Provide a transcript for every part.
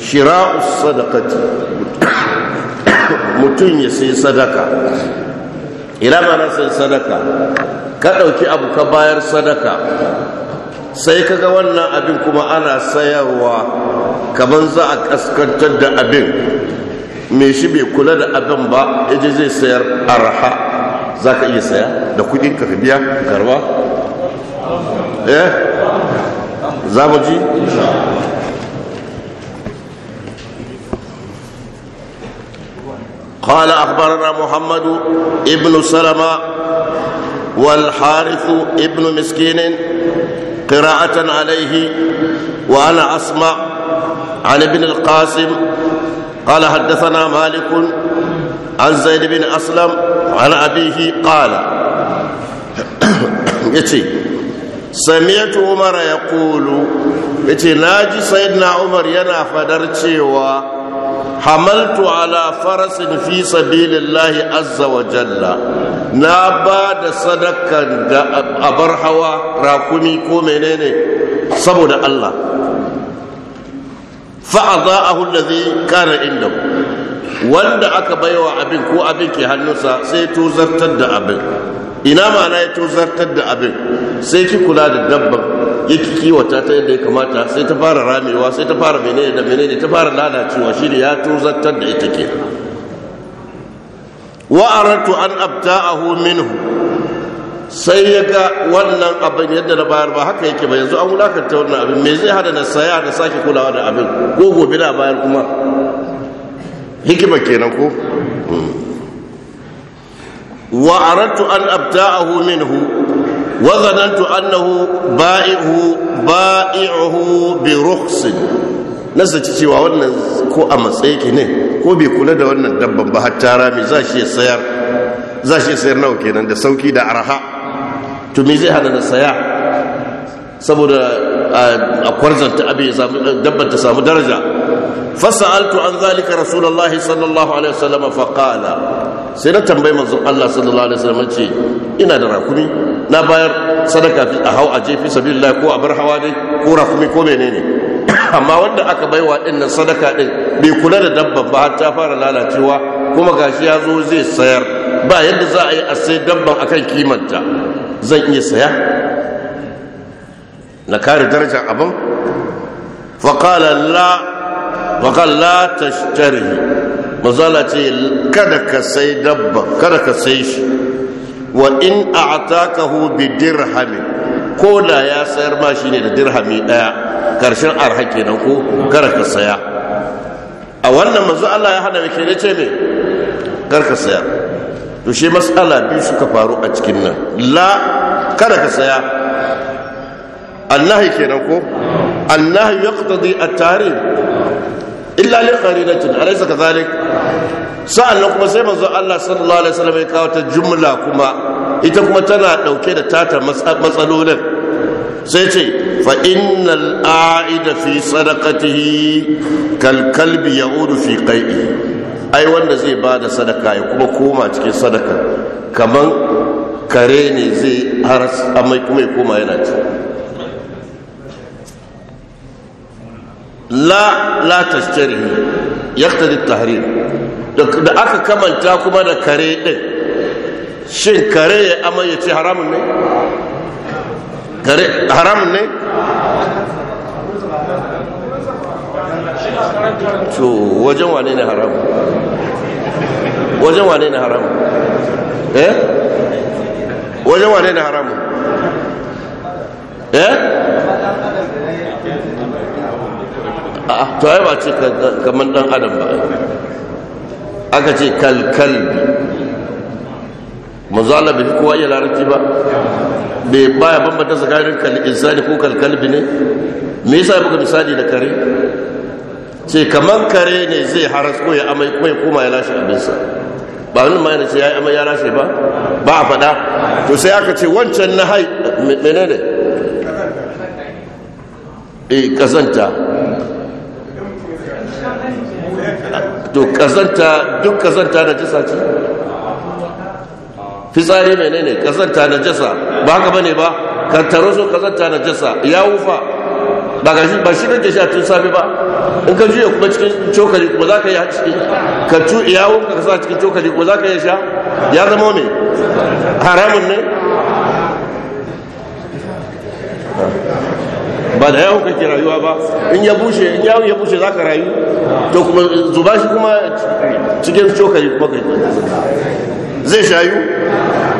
shira'us sadaqati mutum ya sai sadaka ina mana sai sadaka ka ɗauki abu ka bayar sadaka sai kaga wannan abin kuma ana sayarwa kaman za a kaskantar da abin me shi bai kula da abin ba yaje zai sayar arha za ka iya saya da kudin ka biya garba eh za mu ji قال أخبرنا محمد ابن سلمة والحارث ابن مسكين قراءة عليه وأنا أسمع عن ابن القاسم قال حدثنا مالك عن زيد بن أسلم عن أبيه قال يتي سمعت عمر يقول يتي ناجي سيدنا عمر ينا فدرتي hamaltu ala farasin fi sabilillahi azza wa jalla na ba da sadakan da abar hawa rakumi ko menene saboda Allah fa'adha'ahu allazi kara indahu wanda aka baiwa abin ko abin ke hannunsa sai tozartar da abin ina ma'ana ya tuzartar da abin sai ki kula da dabban ya kiwata ta yadda ya kamata sai ta fara ramewa sai ta fara menene da ne ta fara lalacewa shi ne ya tozartar da ita ke wa wa'aratu an abta abta'ahu minhu sai ya ga wannan abin yadda na bayar ba haka yake ba yanzu an wulakanta wannan abin me zai hada na saya da sake kulawa da abin ko gobe na bayar kuma hikima kenan ko hmm. wa aratu an abta abta'ahu minhu وظننت أنه بائعه بائعه برخص nasa ci cewa wannan ko a matsayi ke ne ko bai kula da wannan dabban ba har tara za shi sayar sayar nawa kenan da sauki da araha zai saboda a kwarzanta abin ya samu ta samu daraja fasa'altu an zalika rasulullahi sallallahu alaihi wasallam fa sai na tambayi manzon Allah sallallahu alaihi wasallam ce ina da rakumi na bayar sadaka a hau a jefi sabilillah ko a bar hawa ne ko rafumi ko menene amma wanda aka bai wa ɗin nan sadaka ɗin, bai kula da dabban ba har ta fara lalacewa kuma gashi ya zo zai sayar ba yadda za a yi a sai dabban a kan kimanta zan iya saya na kare darajar abin faƙala la faƙala mazala ce kada ka sai dabba kada ka sai shi wa in a a'takahu bi dirhami. ko da ya sayar ma shi ne da dirhami daya karshen arha kenan ko kar ka saya a wannan manzo Allah ya hana miki ne ce me kar ka saya to shi mas'ala biyu suka faru a cikin nan la kada ka saya annahi kenan ko annahi yaqtadi at-tarikh illa li qarinatin alaysa kadhalik sa'annan kuma sai manzo Allah sallallahu alaihi wasallam ya kawo ta jumla kuma ita kuma tana dauke da tata matsalolin sai ce fa innal a'ida fi sadaqatihi kal kalbi ya'udu fi qai'i ai wanda zai ba da sadaka ya kuma koma cikin sadaka kaman kare ne zai har amai kuma ya koma yana ci la la tashtarihi يقتضي at da aka kamanta kuma da kare din shin kare ya ya ce haramun ne kare haramun ne to wajen wane ne haramun wajen wane ne haramun eh wajen wane ne haramun eh a to ai ba ce kamar dan adam ba aka ce kalkal manzo bai kowa ya larabci ba bai baya bambanta tsakanin kal insani ko kalkal bi ne me yasa muka misali da kare ce kamar kare ne zai haras ko ya amai ko ya koma ya lashe abinsa ba nuna ma yana ce ya yi amai ya lashe ba ba a faɗa to sai aka ce wancan na hai menene eh kazanta to kazanta duk kazanta na jasa ce fitsari mai ne kazanta na jasa ba haka bane ba kantaro so kazanta na jasa ya wufa ba ga shi ba shi kake sha tun safe ba in ka juya kuma cikin cokali kuma za ka yi cikin ka tu ya wuka ka sa cikin cokali kuma za ka yi sha ya zama ne haramun ne ba da yawon kake rayuwa ba in ya bushe in yawon ya bushe za ka rayu to kuma zuba shi kuma cikin cokali kuma kai zai shayu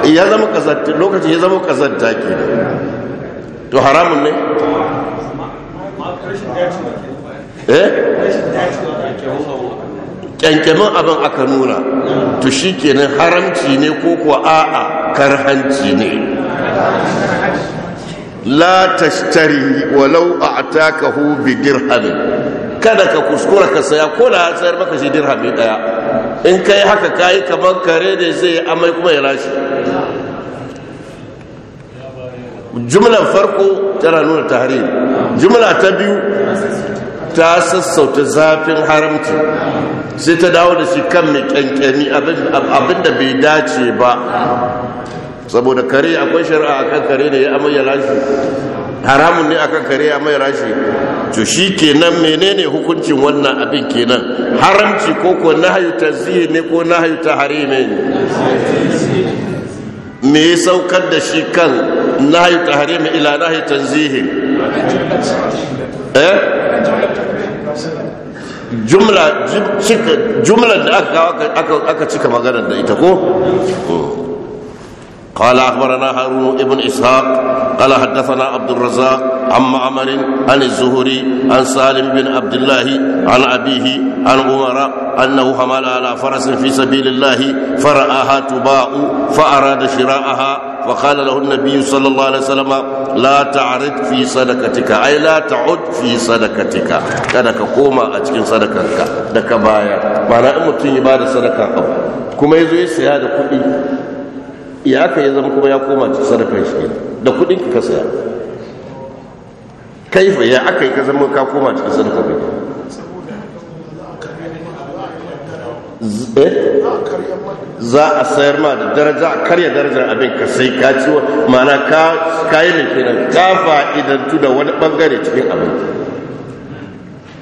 eh, ya zama kazanta lokacin ya zama kazanta ke to haramun ne eh kyankyamin abin aka nuna to shi kenan haramci ne ko kuwa a'a karhanci ne la tashtari walau a'takahu bi dirhamin kada ka kuskura ka saya ko da sayar maka shi dirhami daya in kai haka kai kamar kare ne zai amai kuma ya rashi jumlan farko tana nuna tahrim jumla ta biyu ta sassauta zafin haramci sai ta dawo da shi kan mai kyankyami abinda bai dace ba saboda kare akwai shari'a akan kare da ya amayya rashi haramun ne akan kare ya amayya rashi to shi kenan menene hukuncin wannan abin kenan haramci ko ko nahyu tazih ne ko nahyu tahrimi ne me saukar da shi kan nahyu mai ila nahyu tanzih eh jumla jumla da aka aka cika maganar da ita ko hmm. قال أخبرنا هارون ابن إسحاق قال حدثنا عبد الرزاق عن معمر عن الزهري عن سالم بن عبد الله عن أبيه عن عمر أنه حمل على فرس في سبيل الله فرآها تباع فأراد شراءها فقال له النبي صلى الله عليه وسلم لا تعرض في صدقتك أي لا تعد في صدقتك كذا كوما أتكن صدقتك دكبايا معنى أمتين بعد صدقة كما يزوي سيادة كل ya ka yi zama kuma ya koma ci sadakar shi da kudin ki ka saya fa ya aka yi ka zama ka koma cikin sadakar ka eh? za a sayar ma da daraja a karya darajar abin ka sai ka ci mana ka yi da kenan ka fa'idantu da wani bangare cikin abin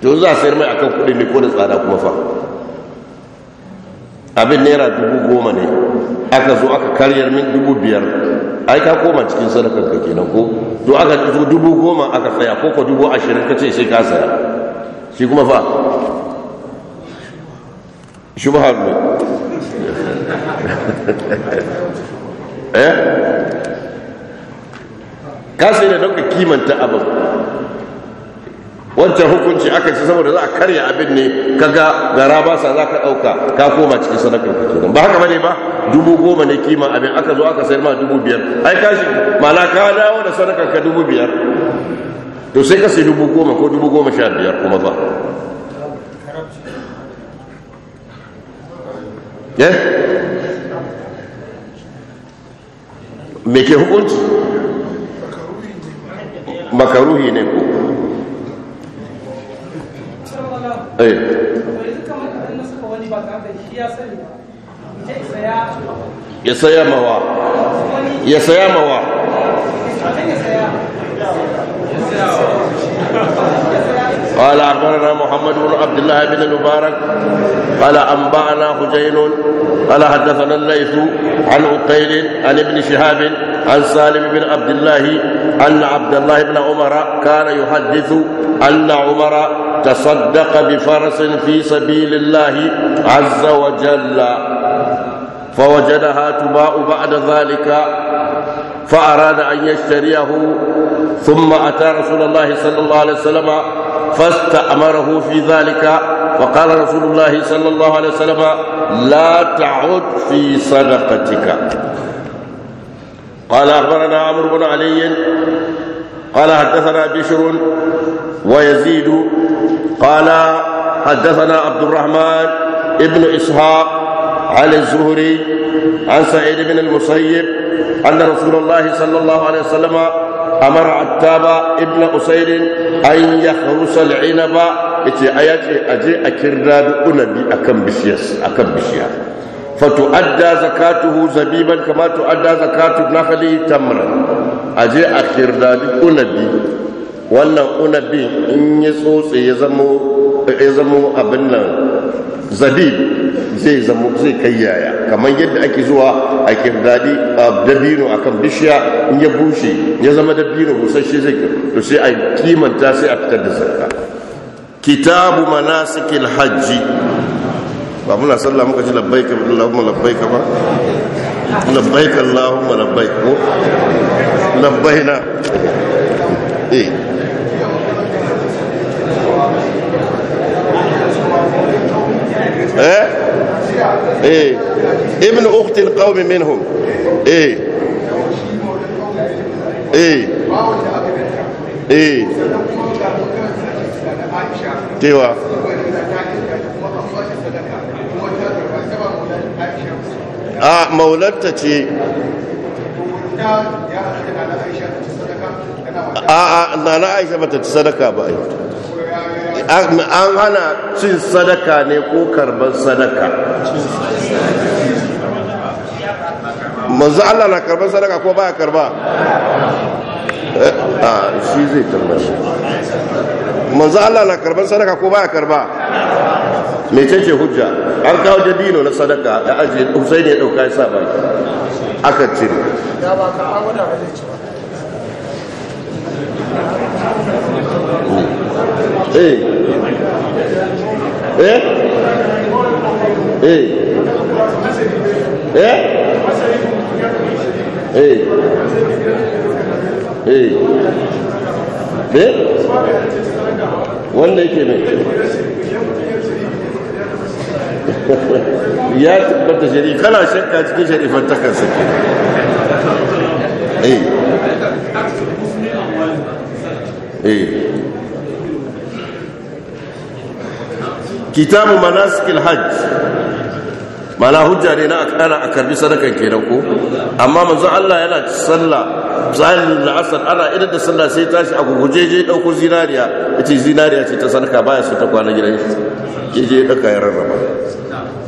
to za a sayar mai akan kudin ne ko da tsada kuma fa abin naira dubu goma ne aka zo aka karyar min dubu biyar ai ka koma cikin sadakar ka kenan ko to aka zo dubu goma aka saya ko ko dubu ashirin ka ce sai ka saya shi kuma fa shubhar ne eh ka sai da ɗauka kimanta abin wancan hukunci aka ce saboda za a karya abin ne kaga gara ba sa za ka ɗauka ka koma cikin sadakar ka ba haka bane ba dubu goma ne kima abin aka zo aka sayar ma dubu biyar ai kashi mana ka dawo da sadakar ka dubu biyar to sai ka sai dubu goma ko dubu goma sha biyar kuma ba eh? me ke hukunci makaruhi ne ko ya saya mawa ya saya mawa قال أخبرنا محمد بن عبد الله بن المبارك قال أنبأنا خجيل قال حدثنا الليث عن عقيل عن ابن شهاب عن سالم بن عبد الله أن عبد الله بن عمر كان يحدث أن عمر تصدق بفرس في سبيل الله عز وجل فوجدها تباع بعد ذلك فأراد أن يشتريه ثم أتى رسول الله صلى الله عليه وسلم فاستأمره في ذلك فقال رسول الله صلى الله عليه وسلم لا تعد في صدقتك قال أخبرنا عمرو بن علي قال حدثنا بشر ويزيد قال حدثنا عبد الرحمن ابن إسحاق عن الزهري عن سعيد بن المسيب أن رسول الله صلى الله عليه وسلم أمر عتاب ابن أسيد أن يخرس العنب yace a yace aje a kirda da unabi akan bishiyar akan bishiyar fatu'adda zakatuhu zabiban kama tu'adda zakatu nakhli tamra aje a kirdadi unabi wannan unabi in yi tsotse ya zamo abin nan zabib zai zamo zai kai yaya kamar yadda ake zuwa a kirdadi dabino akan bishiya in ya bushe ya zama dabino shi zai to sai a kimanta sai a fitar da zarka kitabu manasikil hajji بابنا صلى الله عليه وسلم لبيك اللهم لبيك با لبيك اللهم لبيك لبينا ايه ايه ابن اخت القوم منهم ايه ايه ايه ايه a maularta ce a na aisha ta ci sadaka ba an hana cin sadaka ne ko karban sadaka manzu allah na karban sadaka ko ba karba eh, a shi zai karba manzu allah na karban sadaka ko ba karba mecece hujja an kawo dabino na sadaka da ajiye husain ya dauka ya sa baki aka cire eh eh, eh. eh? eh. wanda yake mai ya tabbata shari'a kana shakka cikin shari'a takar sake eh eh kitabu manasikil hajj mana hujja ne na ana a karbi sadakan kenan ko amma manzon Allah yana sallah zahir da asar ana idan da sallah sai tashi a guguje je dauko zinariya yace zinariya ce ta sadaka baya su ta kwana gidan ke je dauka ya rarraba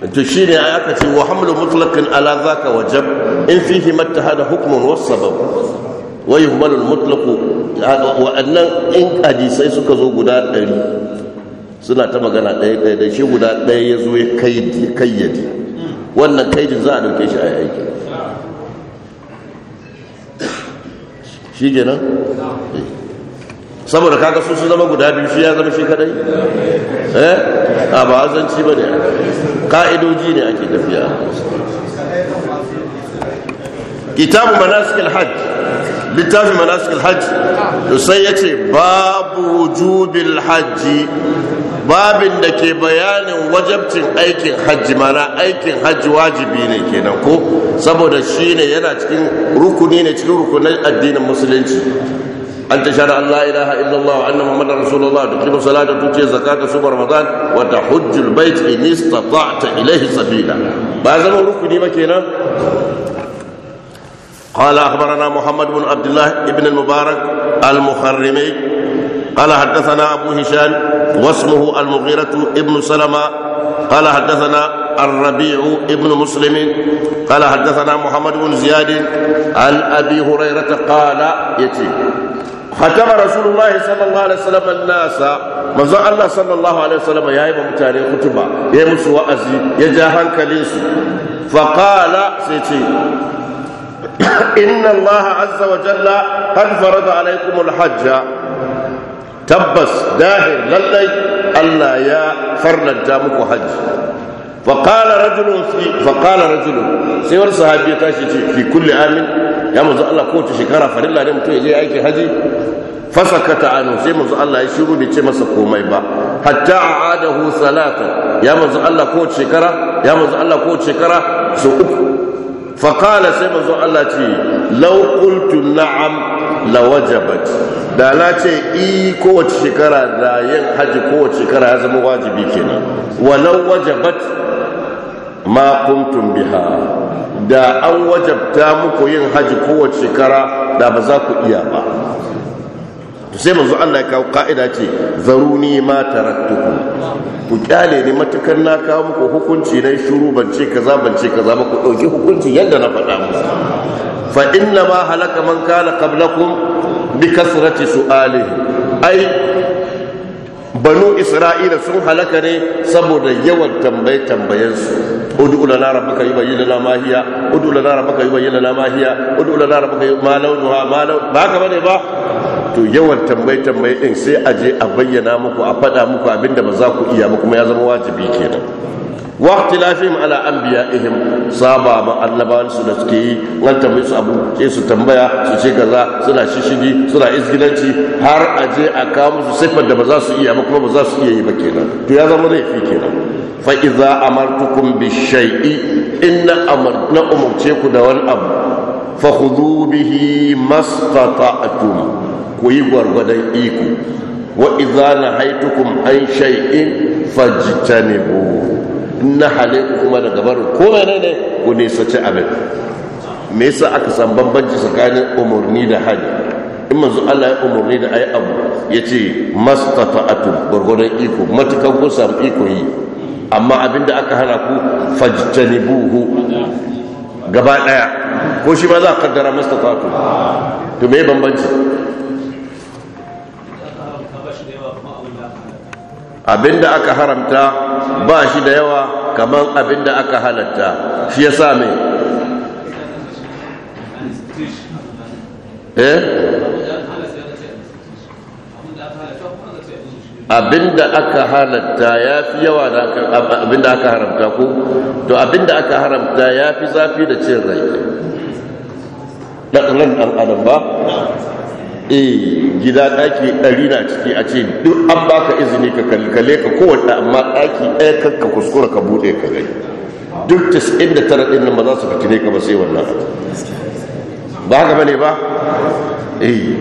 to shi ne aka ce wa hamlu mutlakin ala zaka wajab in fihi mattahada hukmun wasabab wa yuhmalu mutlaku wa'annan in hadisai suka zo guda ɗari suna ta magana ɗaya ɗaya da shi guda ɗaya ya zo ya kayyade wannan kaidin za a ɗauke shi a aiki shi kenan? saboda kaga su su zama guda biyu shi ya zama shi kadai eh a ba azanci bane ka'idoji ne ake tafiya kitabu manasik alhajj littafin manasik alhajj to sai yace babu wujubil hajji babin da ke bayanin wajabcin aikin hajji mana aikin hajji wajibi ne kenan ko saboda shi ne yana cikin rukuni ne cikin rukunin addinin musulunci أن تشهد أن لا إله إلا الله وأن محمدا رسول الله تقيم صلاة وتؤتي الزكاة صوم رمضان وتحج البيت إن استطعت إليه سبيلا بعد ما في مكينا قال أخبرنا محمد بن عبد الله بن المبارك المخرمي قال حدثنا أبو هشام واسمه المغيرة ابن سلمة قال حدثنا الربيع ابن مسلم قال حدثنا محمد بن زياد عن أبي هريرة قال يتيم khatama rasulullahi sallallahu alaihi wasallam nasa manzo Allah sallallahu alaihi wasallam yayi ba mutane kutuba yayi musu wa'azi ya ja hankalin su fa qala sai ce inna Allah azza wa jalla qad farada alaikum alhajj tabbas dahir lallai Allah ya farnanta muku hajji فقال رجل في فقال رجل sai wani sahabi ya tashi ce fi kulli amin ya manzo Allah kowace shekara farilla ne mutum ya je aikin haji fasakata anu sai manzo Allah ya shiru bai ce masa komai ba hatta a'adahu salata ya manzo Allah kowace shekara ya manzo Allah kowace shekara so uku faqala sai manzo Allah ce na'am lawajabat da na ce i kowace shekara da yin haji kowace shekara ya zama wajibi kenan walau wajabat ma kuntum biha da an wajabta muku yin haji kowace shekara da ba za ku iya ba sai manzo Allah ya kawo ka'ida ce zaruni ma taraktukum ku kyale ni matukar na kawo muku hukunci na shuru ce kaza ce kaza ba ku dauki hukunci yadda na faɗa musu fa inna ma halaka man kana qablakum bi su su'alihi ai banu isra'ila sun halaka ne saboda yawan tambaye tambayensu udu lana rabbaka yubayyin lana ma hiya udu lana rabbaka yubayyin lana ma hiya udu lana rabbaka ma launuha ma laun ba haka bane ba to yawan tambaye tambaye din sai a je a bayyana muku a faɗa muku abinda ba za ku iya ba kuma ya zama wajibi kenan واختلافهم على انبيائهم صابا ma annabawan su da suke yi nan tambayi su abu sai su tambaya su ce kaza suna shishigi suna izgilanci har a je a kawo musu siffar da ba za su iya ba kuma ba za su iya yi ba kenan to ya zama laifi kenan fa idza amartukum bi shay'i inna amarna umurce ku da wani abu fa khudhu bihi mastata'tum ku yi gwargwadon iko wa idza nahaytukum an shay'in fajtanibuhu na hale kuma daga barin ko mene ne ku nisanci abin me yasa aka san bambanci tsakanin umarni da hali in manzo Allah ya umarni da ayi abu yace mastata'atu gurgurdan iko matukan ku samu iko yi amma abinda aka hana ku fajtanibuhu gaba daya ko shi ba za ka kaddara mastata'atu to me bambanci abinda aka haramta ba shi da yawa kamar abin da aka halatta shi ya sa me. Eh? Abin da aka halatta ya fi yawa da abin da aka haramta ku. to abin da aka haramta ya fi zafi da cin rai ɗan adam ba eh gida daki ɗari na ciki a ce duk an baka izini ka kalkale ka kowanne amma daki ɗaya ka kuskura ka buɗe ka gani duk 99 ɗin nan ba za su fitine ka ba sai wannan abu ba ga bane ba eh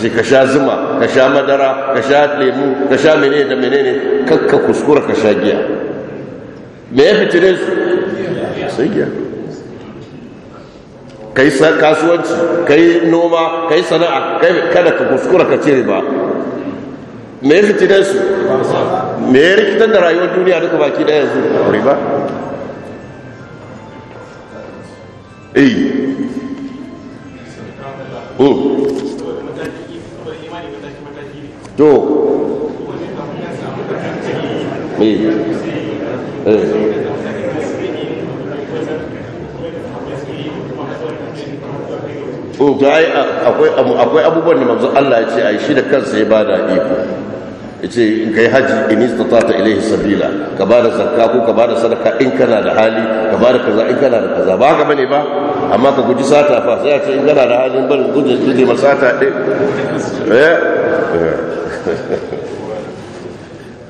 je ka sha zuma ka sha madara ka sha lemu ka sha menene da menene ka kuskura ka sha giya me ya fitine su sai giya kai kasuwanci kai noma kai sana'a kai kada ka kuskura ka ce ba me fitinan su me ya rikitar da rayuwar duniya duka baki daya yanzu riba eh oh to eh eh Oh, to akwai abubuwan da manzo Allah ya ce ai shi da kansa ya bada iko yace in kai haji in istata ilaihi sabila ka bada zakka ko ka bada sadaka in kana da hali ka bada kaza in kana da kaza ba haka bane ba amma ka guji sata fa sai a ce in kana da halin barin guje guje masata din eh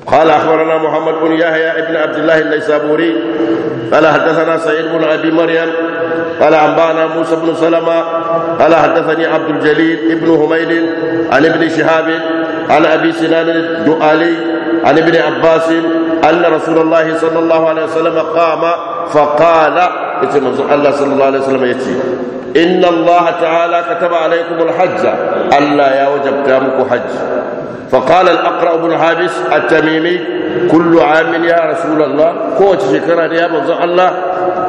قال اخبرنا محمد بن يحيى ابن عبد الله الليثابوري قال حدثنا سعيد بن ابي مريم قال انبانا موسى بن سلمه قال حدثني عبد الجليل ابن هميد عن ابن شهاب عن ابي سنان الدؤالي عن ابن عباس ان رسول الله صلى الله عليه وسلم قام فقال الله صلى الله عليه وسلم يتي إن الله تعالى كتب عليكم الحج ألا يا وجبت حج فقال الأقرأ بن حابس التميمي كل amin ya rasulallah kowace shekara ne ya manzo Allah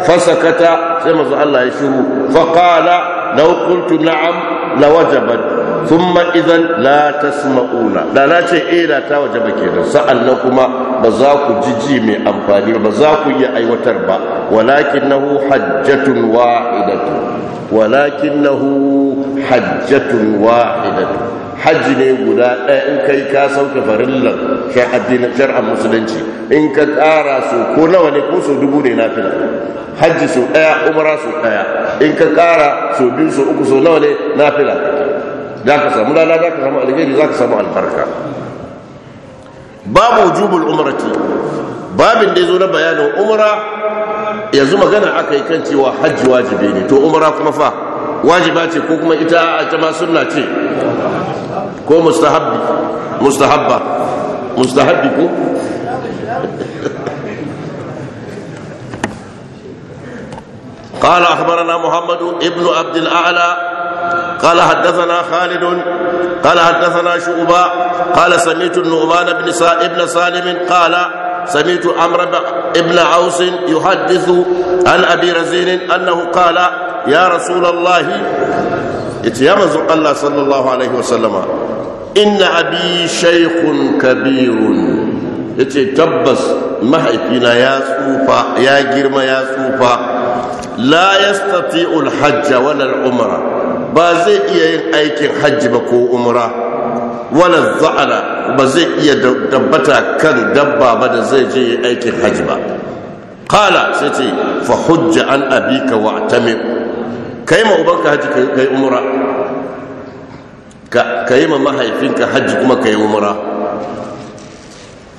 fasakata sai manzo Allah ya shiru faqala law qultu na'am lawajabat thumma idan la tasma'una da na ce eh da ta waje ba kenan sa'annan kuma ba za ku jiji mai amfani ba za ku iya aiwatar ba walakinahu hajjatun wahidatu walakinahu hajjatun wahidatu hajji ne guda ɗaya in kai ka sauke farillan shar'ar musulunci in ka ƙara su ko nawa ne ko su dubu ne na fila hajji su ɗaya umara su ɗaya in ka ƙara su biyu su uku su nawa ne na fila za ka samu lada za ka samu alheri za ka samu albarka babu wujubul umrati babin da yazo na bayanin umra yanzu magana aka yi kan cewa hajji wajibi ne to umra kuma fa wajiba ce ko kuma ita ta ma sunna ce ko mustahabbi mustahabba mustahabbi ko قال أخبرنا محمد ابن عبد الأعلى قال حدثنا خالد قال حدثنا شعبة قال سمعت النعمان بن ابن سالم قال سمعت عمرو بن عوس يحدث عن ابي رزين انه قال يا رسول الله يا من الله صلى الله عليه وسلم ان ابي شيخ كبير yace tabbas mahaifina ya tsufa ya girma ya tsufa la yastati'ul hajja wal umra ba zai iya yin aikin hajji ba ko umra wala za'ala ba zai iya dabbata kan dabba ba da zai je aikin hajji ba qala sai ce fa hujja an abika wa atamim kai ma ubanka hajji kai umra ka yi ma mahaifinka hajji kuma kai yi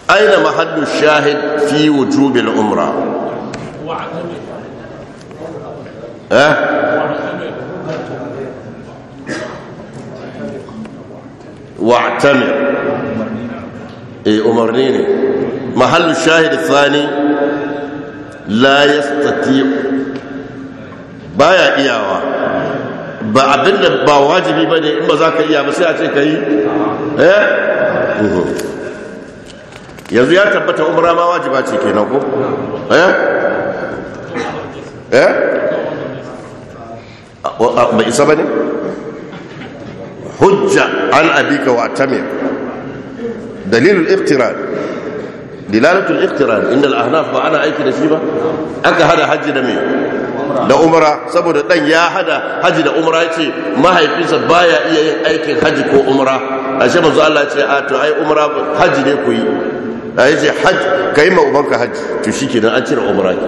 aina mahallu shahid fi wujubil umra eh wa'tamir eh umarni ne mahallu shahid thani la yastati baya iyawa ba abinda ba wajibi bane in ba za ka iya ba sai a ce ka yi yanzu ya tabbata umra ma wajiba ce kenan ko eh eh ba isa bane hujja an abika wa tamir dalilul iftirar, dilalatul iftirar inda al ba ana aiki da shi ba aka hada hajji da me da umara. saboda dan ya hada haji da umara, yace mahaifinsa baya iya yin aikin haji ko umara. ashe manzo Allah ce a to ai umara haji ne ku yi yace haji kai ma ubanka haji to shikenan an cire umra ki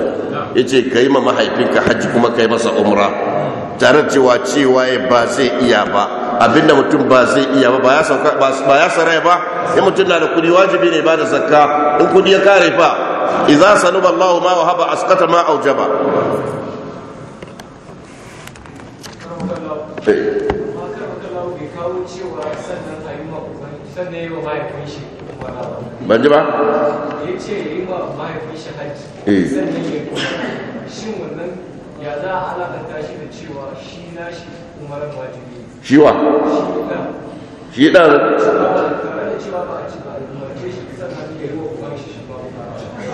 yace kai ma mahaifinka haji kuma kai masa umara. tare cewa cewa ba zai iya ba abinda mutum ba zai iya ba ba ya sauka ba ya mutum na da kudi wajibi ne ba da zakka in kudi ya kare fa Iza sanuba Allahu ma wa haba asqata ma aujaba eh. ban ji ba? ya ce yi ma mahaifin shi hajji sannan ya kuma shin wannan ya za a alaƙanta shi da cewa shi na shi umarar wajibi شيوا شيدا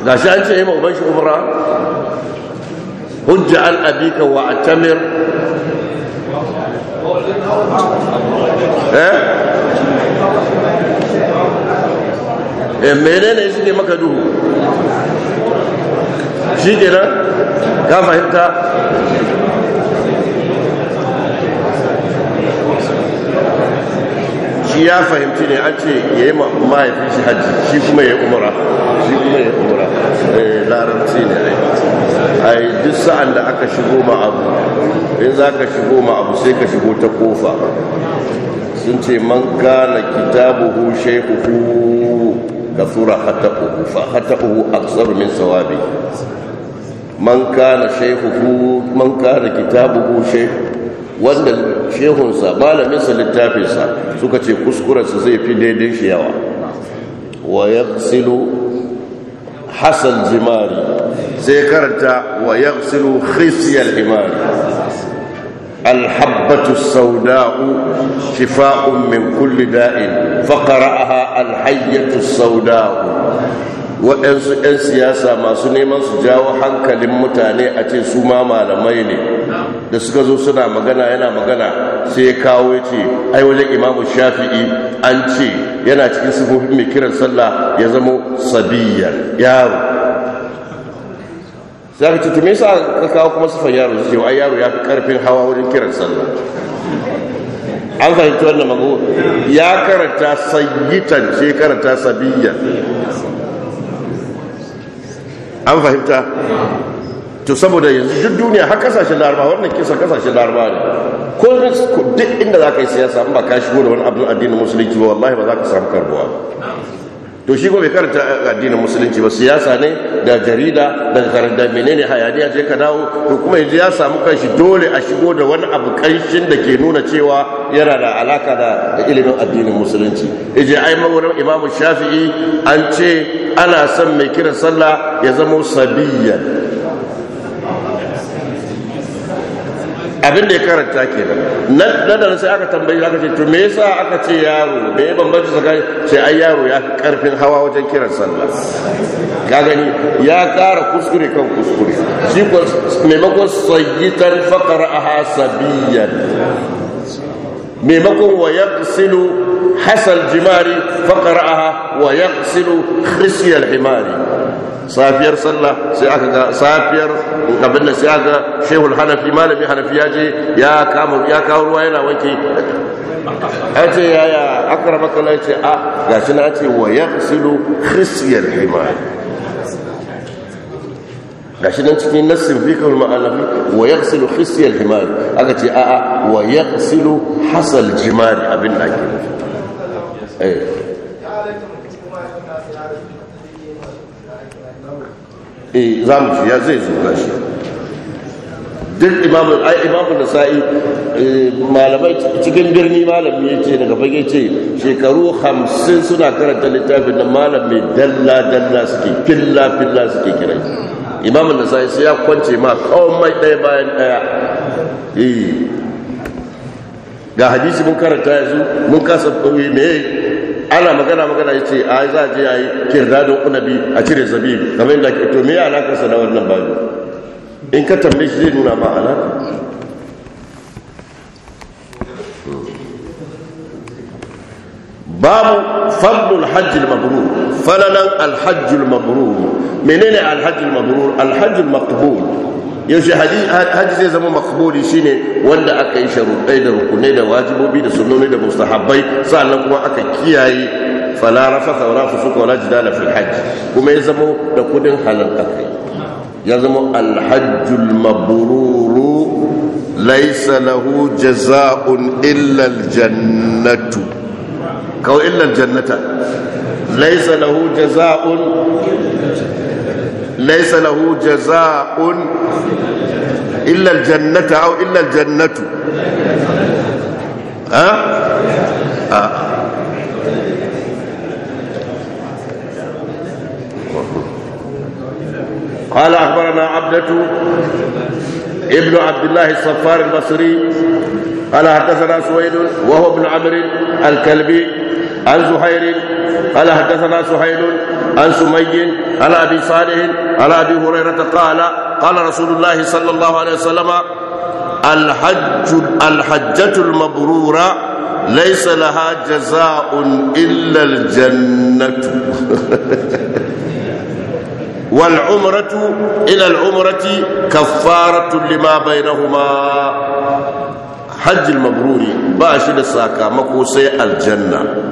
لا شأن شيء ما أبيش أمرا هج عن أبيك واعتمر eh menene shi ne maka duhu shi kenan ka fahimta shi ya fahimci ne an ce ya yi mahaifin shi hajji shi kuma ya yi umara shi kuma ya yi umara eh, larabci ne a yi duk sa'an da aka shigo ma abu in za ka shigo ma abu sai ka shigo ta kofa sun ce man gane kitabuhu shaikuhu ka tsura hatahu a tsar min sawabi man kana shaikuhu man kana kitabuhu shaikuhu wanda shehunsa malaminsa littafinsa suka ce kuskurarsa zai fi daidai shi yawa wa ya silu hassan Zimari sai karanta wa ya silu khisiyar himari الحبة السوداء شفاء من كل داء فقرأها Alhayyatu السوداء waɗansu 'yan siyasa masu neman su jawo hankalin mutane a ce su ma malamai ne da suka zo suna magana yana magana sai ya kawo ya ce ai wajen imamu shafi'i an ce yana cikin sufofin mai kiran sallah ya zama sabiyyar yaro sai aka tutume sa ka kawo kuma sufan yaro su ce wa yaro ya fi karfin hawa wajen kiran sallah an fahimci wannan mago ya karanta sayyitan sai karanta sabiyya an fahimta to saboda yanzu duk duniya har kasashen larba wannan kisa kasashen larba ne ko duk inda za ka yi siyasa ba ka shigo da wani abin addinin musulunci ba wallahi ba za ka samu karbuwa to shi ko bai karanta addinin musulunci ba siyasa ne da jarida da karanta menene hayaniya je ka dawo to kuma yanzu ya samu kanshi dole a shigo da wani abu kanshin da ke nuna cewa yana da alaka da ilimin addinin musulunci ije ai magurin imam shafi'i an ce ana son mai kiran sallah ya zama sabiyya abin da ya karanta kenan nan da sai aka tambayi aka ce to me yasa aka ce yaro da ya bambanci saka sai ai yaro ya fi karfin hawa wajen kiran sallah ka gani ya kara kuskure kan kuskure shi ko maimakon sayyitan faqara aha sabiyan maimakon wa yaqsilu hasal jimari faqara aha wa yaqsilu khisya himari safiyar sallah sai aka ga safiyar abin da sai aka shehul hanafi malami hanafi ya je ya kama ya kawo ruwa yana wanke an ce yaya akara makala ya ce a ah, ga shi na ce wa ya silu christian himar ga shi nan cikin nassin fikar ma'alafi wa ya silu christian himar aka ce a'a wa ya silu hasal jimari abin da ake nufi eh. eh za mu shi ya zai zo shi duk imamun ai imamu nasa'i eh, malamai cikin birni malami ya ce daga fage ce shekaru hamsin suna karanta littafin da malami dalla dalla suke filla filla suke kirai imamun nasa'i sai ya kwance ma mai ɗaya bayan ɗaya eh. ga hadisi mun karanta yanzu mun kasa eh, me ana magana magana ya ce a za a je a yi kirdadin kunabi a cire zabi kamar yadda ke to me alakarsa da wannan babu in ka tambaye shi zai nuna ma alaka babu fadlul hajjil mabrur falalan alhajjul mabrur menene alhajjul mabrur alhajjul maqbul yaushe haji zai zama shi ne wanda aka yi sharuɗai da rukunai da wajibobi da sunnoni da mustahabbai sannan kuma aka kiyaye Falara fala rafatha wala fusuka wala jidala fil hajji kuma ya zama da kudin halal aka yi ya zama alhajjul mabruru laysa lahu jazaa'un illa aljannatu kaw illa aljannata laysa lahu jazaa'un ليس له جزاء إلا الجنة أو إلا الجنة ها أه؟ أه. قال أخبرنا عبدة ابن عبد الله الصفار البصري قال حدثنا سويد وهو ابن عمرو الكلبي عن زهير قال حدثنا سهيل عن سمي عن ابي صالح عن ابي هريره قال قال رسول الله صلى الله عليه وسلم الحج الحجة المبرورة ليس لها جزاء إلا الجنة والعمرة إلى العمرة كفارة لما بينهما حج المبرور باشد ساكا مكو سي الجنة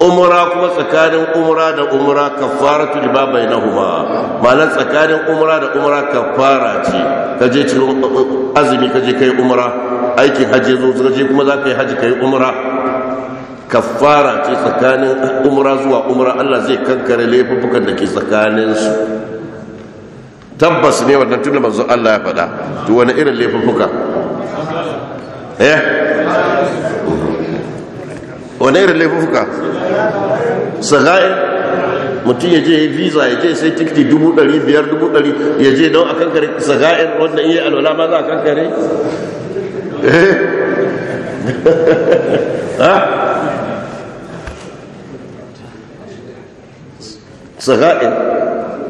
umra kuma tsakanin umra da umra kafaratu lima bainahuma ma'ana tsakanin umra da umra kafara ce ka je cikin um, um, um, azumi ka je kai umra aikin hajji zo ka je kuma za ka yi hajji kai umra kafara ce tsakanin umura zuwa umra Allah zai kankare laifukan da ke tsakanin su tabbas ne wannan tunda manzo Allah ya faɗa to wani irin laifukan. eh wane irin laifuka saga'i mutum ya je ya visa ya je sai tikiti dubu ɗari biyar dubu ɗari ya je don a kankare saga'in wanda iya alwala ma za a kankare eh? saga'in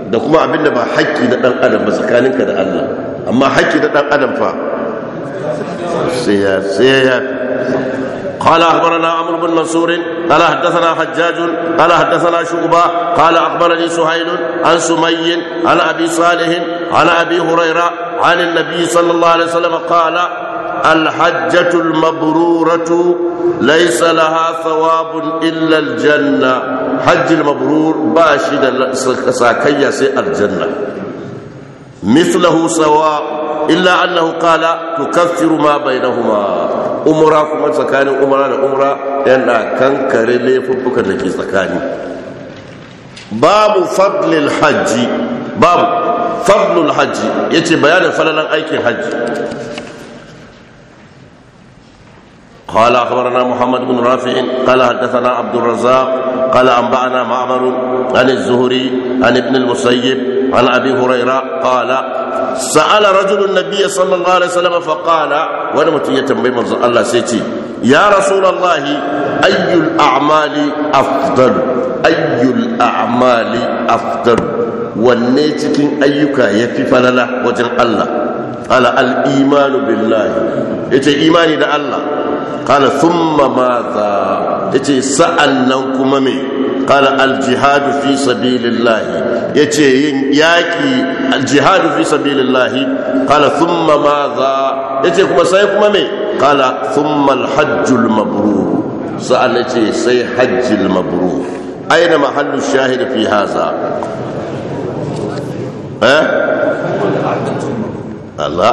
da kuma abinda ba haƙƙi na ɗan adam ba tsakaninka da allah amma haƙƙi na ɗan adam fa sai ya sai قال اخبرنا عمرو بن منصور قال حدثنا حجاج قال حدثنا شعبه قال اخبرني سهيل عن سمي عن ابي صالح عن ابي هريره عن النبي صلى الله عليه وسلم قال الحجة المبرورة ليس لها ثواب إلا الجنة حج المبرور باشد ساكية سي الجنة مثله سواء إلا أنه قال تكفر ما بينهما umra kuma tsakanin umra da umra yana kankare laifuffukan da ke tsakani babu fadlil hajji babu fadlul hajji ya ce bayanin falalan aikin hajji قال اخبرنا محمد بن رافع قال حدثنا عبد الرزاق قال انبانا معمر عن الزهري عن ابن المسيب عن ابي هريره قال sa'ala rajulun nabiyya sallallahu alaihi wasallam fa qala wani mutum ya tambayi manzon Allah sai ce ya rasulullahi ayyul a'mali afdal ayyul a'mali afdal wanne cikin ayyuka yafi falala wajen Allah ala al imanu billahi yace imani da Allah qala thumma madha yace sa'annan kuma me qala al jihad fi sabilillah yace yin yaki al jihad fi sabilillah qala thumma madha yace kuma sai kuma me qala thumma al hajj al mabrur sa'al yace sai hajj al mabrur aina mahallu shahid fi hadha eh Allah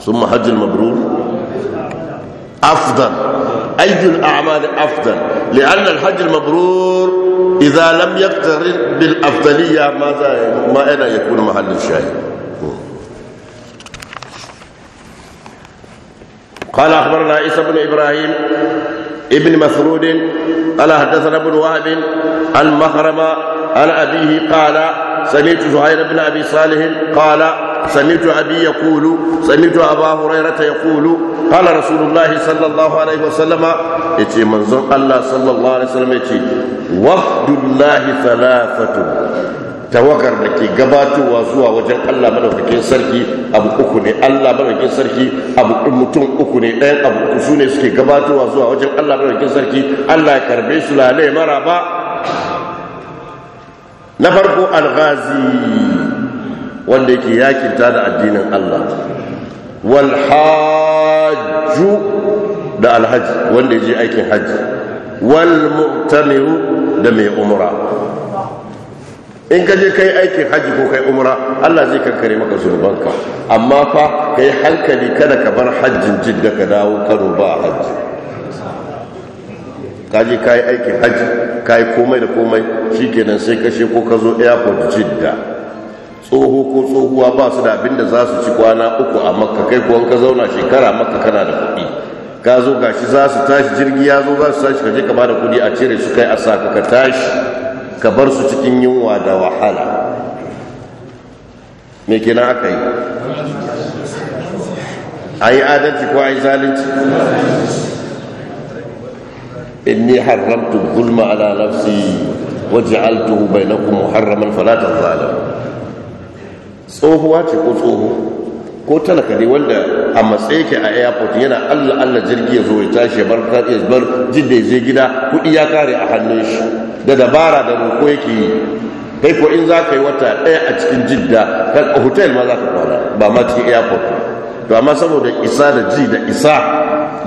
ثم حج المبرور أفضل أي الأعمال أفضل لأن الحج المبرور إذا لم يقترن بالأفضلية ماذا ما أين يكون محل الشاهد قال أخبرنا عيسى بن إبراهيم ابن مسرود قال حدثنا ابن وهب عن مخرم عن أبيه قال سمعت زهير بن أبي صالح قال سمعت أبي يقول سمعت أبا هريرة يقول قال رسول الله صلى الله عليه وسلم يتي منظر الله صلى الله عليه وسلم يتي وفد الله ثلاثة tawagar da ke gabatowa zuwa wajen Allah madaukakin sarki abu uku ne Allah madaukakin sarki abu mutum uku ne ɗayan abu uku su ne suke gabatowa zuwa wajen Allah madaukakin sarki Allah ya karbe su lale maraba. na farko algazi. wanda yake yakinta da addinin Allah wal da alhaji wanda ya je aikin hajji wal da mai umra in ka je kai aikin hajji ko kai umra Allah zai kankare maka zurbanka. amma fa kai hankali kada ka bar hajjin jidda ka dawo karo ba hajji ka je kai aikin hajji kai komai da komai shi shikenan sai kashe ko ka zo airport jidda tsoho ko tsohuwa ba su da abin da za su ci kwana uku a makka kai kuwan ka zauna shekara makka kana da kuɗi ka zo gashi za su tashi jirgi ya zo za su tashi kaje ka bada kuɗi a cire su kai a sa ka tashi ka bar su cikin yunwa da wahala me na aka yi a yi adalci ko a yi zalunci In ni haramtu gulma ala nafsi waj'altuhu bainakum muharraman fala tazalamu tsohuwa ce ko tsoho ko talaka dai wanda a matsayi ke a airport yana allah allah jirgi ya zo ya tashi ya bar ya bar jidda ya je gida kuɗi ya kare a hannun shi da dabara da roko yake yi kai ko in za ka yi wata ɗaya a cikin jidda kan hotel ma za ka kwana ba ma cikin airport to amma saboda isa da ji da isa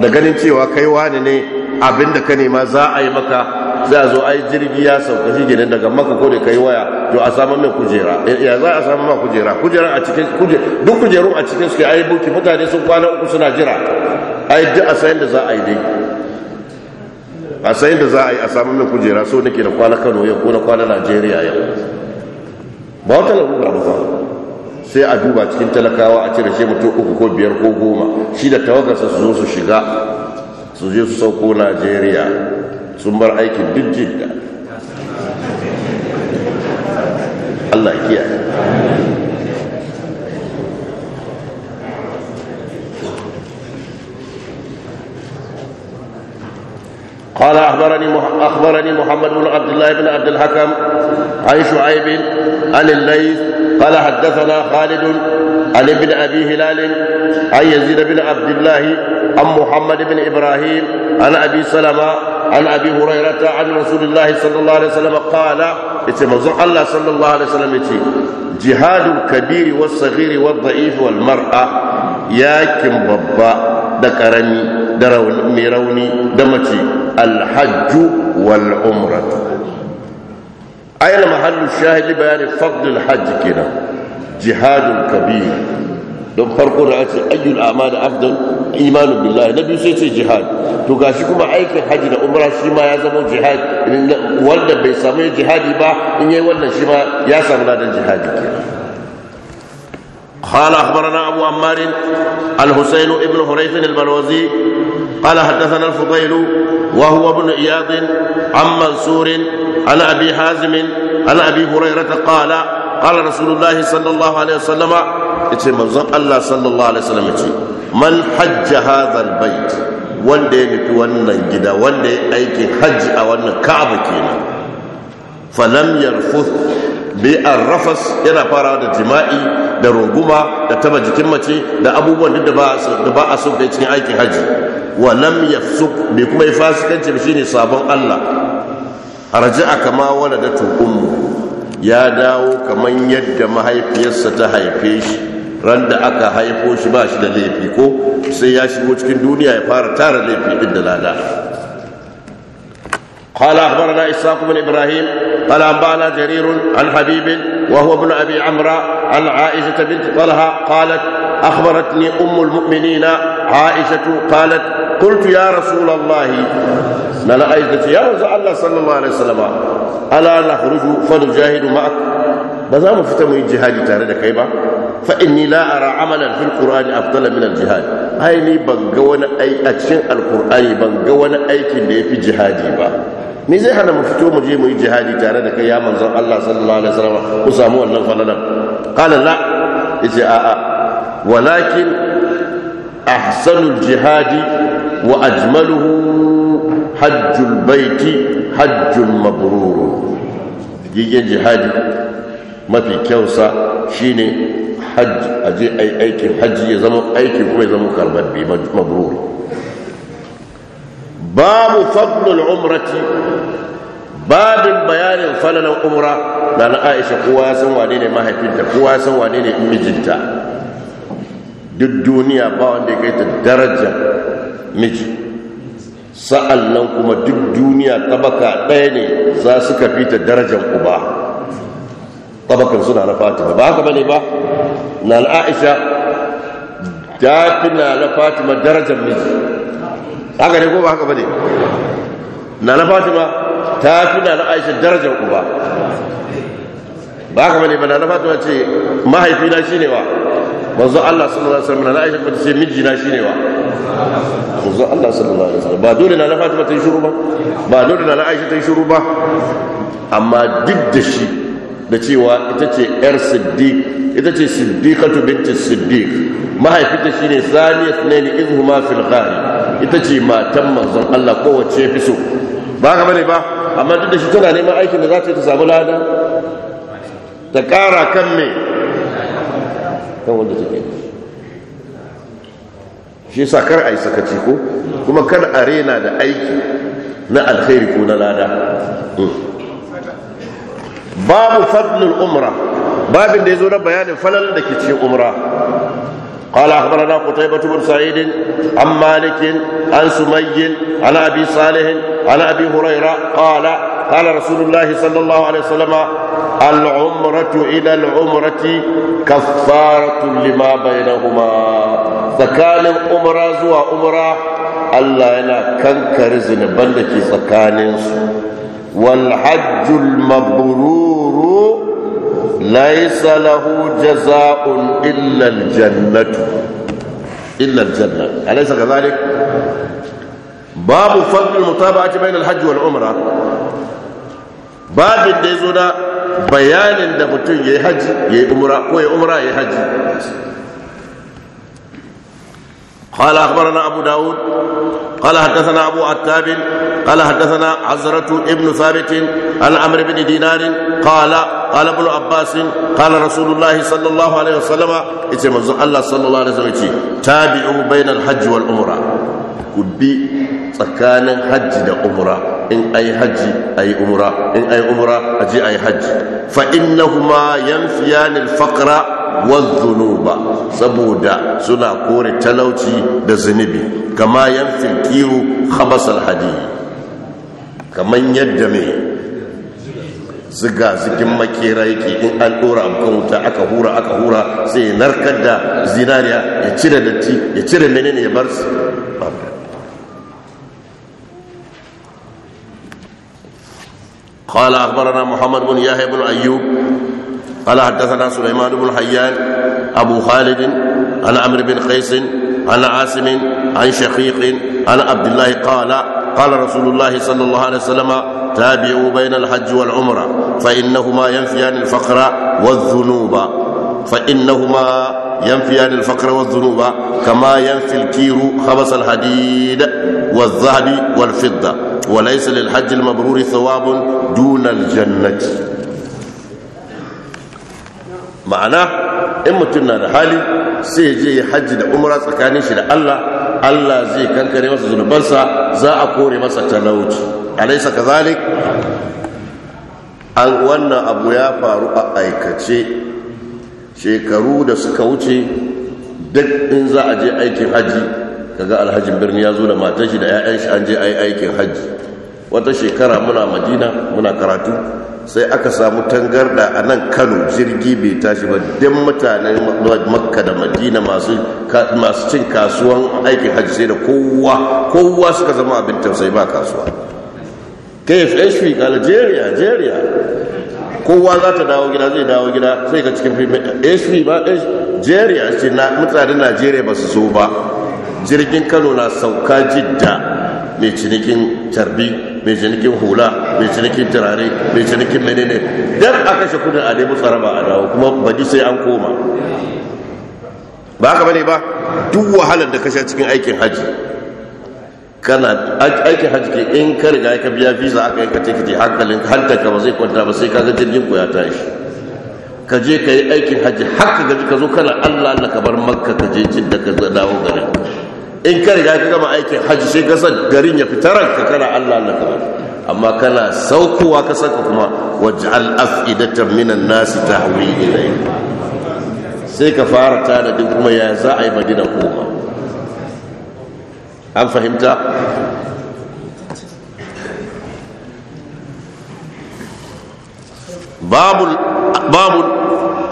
da ganin cewa kai wani ne abinda ka nema za a yi maka za a zo a yi jirgi ya sauka shi gidan daga maka ko da kai waya to a samu min kujera eh, ya za a samu ma kujera kujera a cikin kujera duk kujerun a cikin suke ayi buki mutane sun kwana uku suna jira yi duk a sayin da za a yi dai a sayin da za a yi a samu min kujera so nake da kwana Kano yau ko na kwana Najeriya yau ba wata larura ba sai a duba cikin talakawa a cire shi mutum uku ko biyar ko goma shi da tawagarsa su zo su shiga su je su sauko Najeriya sun bar aikin duk jidda الله kiyaye قال أخبرني أخبرني محمد بن عبد الله بن عبد الحكم عن شعيب عن الليث قال حدثنا خالد عن ابن أبي هلال عن يزيد بن عبد الله عن محمد بن إبراهيم عن أبي سلمة عن أبي هريرة عن رسول الله صلى الله عليه وسلم قال يتمزون الله صلى الله عليه وسلم يتي جهاد الكبير والصغير والضعيف والمرأة ياكم ببا دكرني درون ميروني دمتي الحج والعمرة أين محل الشاهد لبيان فضل الحج كده جهاد الكبير دون فرقنا أي الأعمال أفضل imanu billahi na biyu sai ce jihad to gashi kuma aikin haji da umara shi ma ya zama jihad wanda bai samu jihadi ba in yayi wannan shi ma ya samu ladan jihadi kenan قال أخبرنا أبو عمار الحسين ابن حريث البلوزي قال حدثنا الفضيل وهو ابن إياض عن منصور عن أبي حازم عن أبي هريرة قال قال رسول الله صلى الله عليه وسلم yace manzon Allah sallallahu alaihi wasallam ce. man hajja hadhal bait wanda ya nufi wannan gida wanda ya aikin hajji a wannan ka'aba kenan falam yarfuth bi arrafas yana farawa da jima'i da runguma da taba jikin mace da abubuwan da ba da ba a so kai cikin aikin hajji wa lam yafsuk bi kuma yi fasikanci shine sabon Allah arja'a kama waladatu ummu ya dawo kamar yadda mahaifiyarsa ta haife shi ran da aka haifo shi ba shi da laifi ko sai ya shigo cikin duniya ya fara tara laifi din da lada قال اخبرنا اسحاق بن ابراهيم قال انبانا جرير عن حبيب وهو ابن ابي عمرو عن عائشه بنت طلحه قالت أخبرتني أم المؤمنين عائشة قالت قلت يا رسول الله نلا أيضا يا رسول الله صلى الله عليه وسلم ألا نخرج فنجاهد معك بزام فتم الجهاد تارد كيبا فإني لا أرى عملا في القرآن أفضل من الجهاد هاي ني بنقونا أي أتشن القرآن بنقونا أي كني في جهادي با me zai hana mu fito mu je mu yi jihadi tare da kai ya manzon Allah sallallahu alaihi wasallam ku samu wannan falalan qala la yace a'a walakin ahsanul jihadi wa ajmaluhu hajjul baiti hajjul mabrur gige jihadi mafi kyausa shine hajji aje ai kuma ya zama karbar babu fadlul umrati babin bayanin falalan umra da na aisha kowa ya san wane ne mahaifinta kowa ya san wane ne mijinta duk duniya ba wanda ya kai ta daraja miji sa'an nan kuma duk duniya tabaka ɗaya ne za su ka fi ta darajar uba tabakan suna na fatima ba haka bane ba na aisha ta fi na na fatima darajar miji haka ne ko ba haka bane na na fatima ta fi na na aisha darajar uba ba haka bane ba na na fatima ce mahaifina shi ne wa manzo Allah sallallahu alaihi wasallam na Aisha bata ce miji na shine wa manzo Allah sallallahu alaihi wasallam ba dole na na Fatima ta yi shuru ba ba dole na na Aisha ta yi shuru ba amma duk da shi da cewa ita ce yar siddiq ita ce siddiqatu binti siddiq mahaifinta shine saniyat ne ni izhuma fil ghari ita ce matan manzon Allah kowace fi so ba ka bane ba amma duk da shi tana neman aikin da za ta yi ta samu lada ta kara kan me kan wanda take shi sa kar a yi sakaci ko kuma kar a rena da aiki na alkhairi ko na lada hmm. babu fadlul umra babin da ya zo na bayanin falal da ke ce umra قال أخبرنا قتيبة بن سعيد عن مالك عن سمي عن أبي صالح عن أبي هريرة قال قال رسول الله صلى الله عليه وسلم العمرة إلى العمرة كفارة لما بينهما فكان أمرا زوى أمرا ألا ينا كنكر زنبان لكي سكانين والحج المبرور laisa lahu jaza'un illa aljannatu illa aljannatu alaysa kadhalik babu fadl almutaba'ati bayna alhajj walumra babu da yazo da bayanin da mutum yayi haji yayi umra ko yayi umra yayi haji قال أخبرنا أبو داود قال حدثنا أبو عتاب قال حدثنا عزرة ابن ثابت عن عمرو بن دينار قال قال ابن عباس قال رسول الله صلى الله عليه وسلم اسم الله صلى الله عليه وسلم تابعوا بين الحج والعمرة كبي سكان حج دا عمره in ai haji ai umra in ai umra aje ai haji fa innahuma yanfiyan al-faqra wadhunuba saboda suna kore talauci da zunubi kama yan filkiru khabasal hadi kaman yadda mai ziga zikin makera yake in an dora abukan wuta aka hura aka hura sai ya narkar da zinariya ya cire datti ya cire menene ya bar su قال أخبرنا محمد بن يحيى بن أيوب قال حدثنا سليمان بن حيان أبو خالد عن عمرو بن قيس عن عاصم عن شقيق عن عبد الله قال قال رسول الله صلى الله عليه وسلم تابعوا بين الحج والعمرة فإنهما ينفيان الفقر والذنوب فإنهما ينفيان الفقر والذنوب كما ينفي الكير خبص الحديد والذهب والفضة وليس للحج المبرور ثواب دون الجنة ma'ana in mutum na da hali sai je ya hajji da umara tsakanin shi da Allah Allah zai kankare masa zunubansa za a kore masa talauci alaisa kazalik an wannan abu ya faru a aikace shekaru da suka wuce duk in za a je aikin haji kaga alhajin birni ya zo da matashi da 'ya'yan shi an je yi aikin hajji. wata shekara muna madina muna karatu sai aka samu tangarda a nan kano jirgi bai tashi ba don mutanen makka da madina masu cin kasuwan aikin hajji sai da kowa kowa suka zama abin tausayi ba kasuwa kfh ga algeria algeria kowa za ta dawo gida zai dawo gida sai ka cikin filmin hv ba algeria ce mutanen najeriya ba su so ba jirgin kano na sauka jidda mai cinikin tarbi, mai cinikin hula mai cinikin turare mai cinikin menene dan a kashe kudin a nemi tsaraba a dawo kuma baji sai an koma ba haka bane ba duk wahalar da ka sha cikin aikin haji kana aikin hajji ke in ka riga ka biya visa aka yi ka tikiti hankalin hantarka ba zai kwanta ba sai ka ga jirgin ku ya tashi ka je ka yi aikin hajji, haka gaji ka zo kana allah allah ka bar makka ka je da ka dawo garin in ka riga ka gama aikin hajji sai ka san garin ya fitaran ka kana Allah Allah ka bari amma kana saukowa ka ka kuma waj'al af'idatan minan nasi tahwi ilayhi sai ka fara tanadin duk kuma ya za a yi madina koma an fahimta babul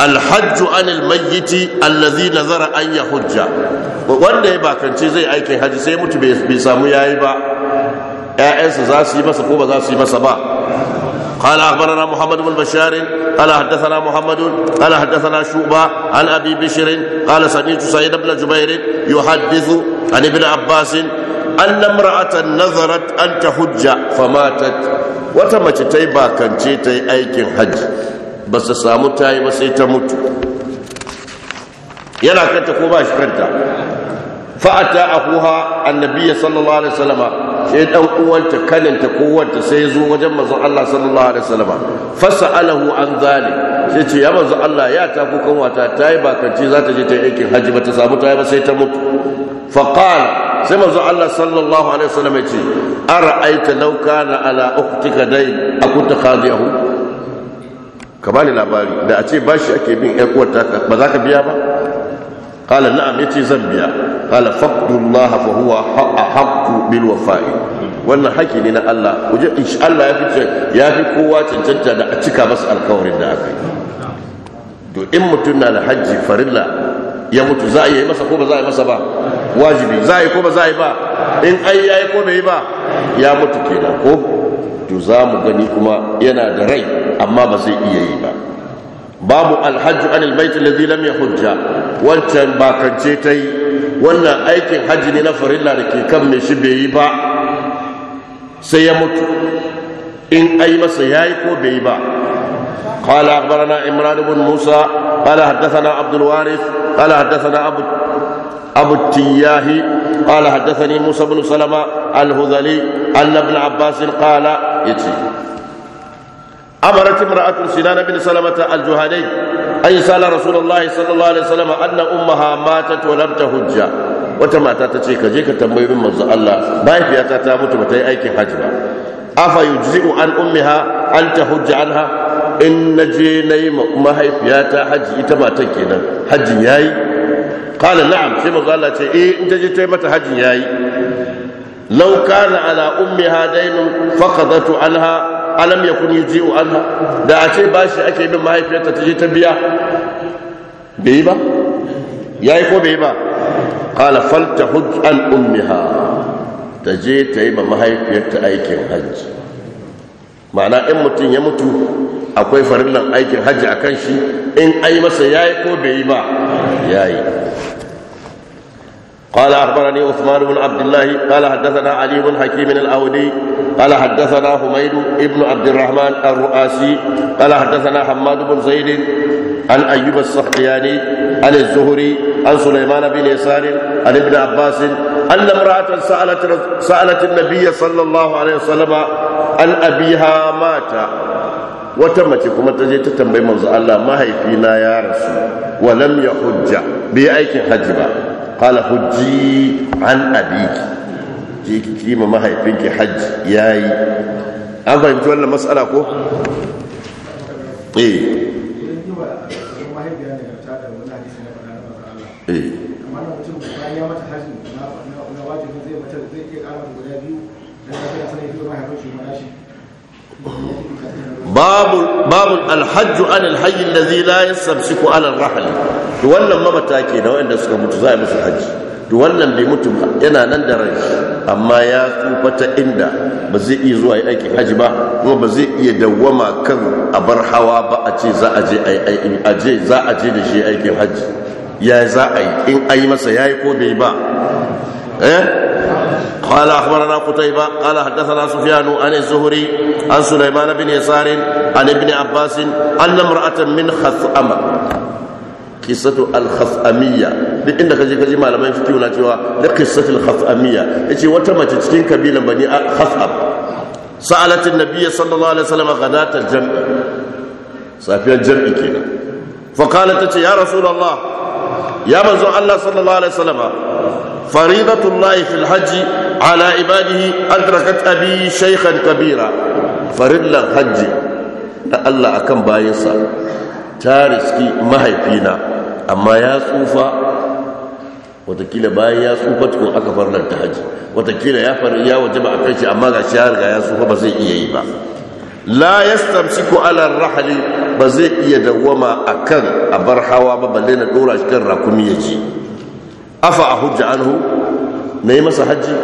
alhajju anil mayyiti allazi nazara an ya hujja wanda ya bakance zai aikin haji sai mutu bai samu yayi ba ƴaƴansa za su yi masa ko ba za su yi masa ba قال اخبرنا محمد بن بشار قال حدثنا محمد قال حدثنا شعبه عن ابي بشر قال سمعت سعيد بن جبير يحدث عن ابن عباس ان امراه نظرت ان تحج فماتت وتمت تيبا كانت تي ايكن حج ba su samu ta yi ba sai ta mutu yana kanta ko ba shi kanta fa'ata akuha annabiya sallallahu alaihi wasallama sai dan uwanta kaninta ko wanta sai zo wajen manzon Allah sallallahu alaihi wasallama fasalahu an zali sai ce ya manzon Allah ya ta kukan wata ta yi bakanci za ta je ta yi aikin hajji. ba ta samu ta yi ba sai ta mutu faqala sai manzo Allah sallallahu alaihi wasallam ya ce ara'aita law na ala uktika dayn akunta qadiyahu ka bani labari da a ce bashi ake bin ƴan uwar taka ba za ka biya ba qala na'am ce zan biya qala faqdullaha fa huwa ahqqu bil wafa'i wannan haƙi ne na Allah in insha Allah ya fice ya fi kowa cancanta da a cika masa alƙawarin da aka yi to in mutum na da hajji farilla ya mutu za a yi masa ko ba za a yi masa ba wajibi za a yi ko ba za a yi ba in ai ya yi ko bai yi ba ya mutu kenan ko to za mu gani kuma yana da rai amma ba zai iya yi ba babu Alhaji anil baiti ladhi lam yahujja wancan bakance ta yi wannan aikin hajji ne na farilla da ke kan mai shi bai yi ba sai ya mutu in ai masa yayi ko bai yi ba قال اخبرنا عمران بن موسى قال حدثنا عبد الوارث قال حدثنا ابو ابو التياهي قال حدثني موسى بن سلمة الهذلي أن ابن عباس قال يتي أمرت امرأة سنان بن سلمة الجهني أن سأل رسول الله صلى الله عليه وسلم أن أمها ماتت ولم تهج wata mata ta ce ka je ka tambayi min manzo Allah mahaifiyata ta mutu bata yi aikin hajji ba afa yujzi'u an ummiha an tahujja anha in naje nayi mahaifiyata haji ita matan kenan haji yayi kala na'am sai manzo Allah ce eh in ta je ta yi mata hajjin yayi law kana ala ummiha daynun faqadatu anha alam yakun yuji'u anha da a ce bashi ake bin mahaifiyarta ta je ta biya bai ba yayi ko bai ba qala faltahujj an ummiha ta je ta yi ma mahaifiyarta aikin hajji ma'ana in mutum ya mutu akwai farillan aikin hajji a kan shi in ai masa yayi ko bai yi ba yayi قال أخبرني عثمان بن عبد الله قال حدثنا علي بن حكيم الأودي قال حدثنا حميد بن عبد الرحمن الرؤاسي قال حدثنا حماد بن زيد عن أيوب السختياني عن الزهري عن سليمان بن يسار عن ابن عباس أن امرأة سألت, سألت النبي صلى الله عليه وسلم عن أبيها مات wata mace kuma ta je ta tambayi manzo Allah mahaifina ya rasu wa lam ya hujja bi aikin haji ba qala hujji an abiki je ki kima mahaifinki hajji yayi an fahimci wannan mas'ala ko eh eh باب باب da zai zai الذي ku alal rahali da wannan mabata ke da wanda suka mutu za a musu da wannan bai mutu ba yana nan da rai amma ya tsufata inda ba zai iya zuwa aiki aikin hajji ba kuma ba zai iya dawwama kan a bar hawa ba a ce za a je za a da shi aikin haji ya za a yi in ayi masa ya yi ko bai ba eh? قال اخبرنا قتيبه قال حدثنا سفيان عن الزهري عن سليمان بن يسار عن ابن عباس ان امراه من خثأمه قصة الخثأمية duk inda kaje kaje malaman fiqh na cewa da qissatul khafamiyya yace wata mace cikin kabilan bani khafab sa'alat an-nabiy sallallahu alaihi wasallam ghadat al-jam'i safiyar jam'i kenan fa qalat ya rasulullah ya manzo Allah alaihi فريضة الله في الحج على عباده أدركت أبي شيخا كبيرا فرلا الحج الله أكم بايسا تارسكي ما فينا أما يا صوفا watakila bayan ya tsufa tukun aka farlanta haji watakila ya faru ya waje ba a kai shi amma ga shi ga ya tsufa ba zai iya yi ba la yastamsiku ala rahali ba zai iya dawwama akan bar hawa ba balle na dora shi kan rakumi ya ji afa a hujja anhu na yi masa hajji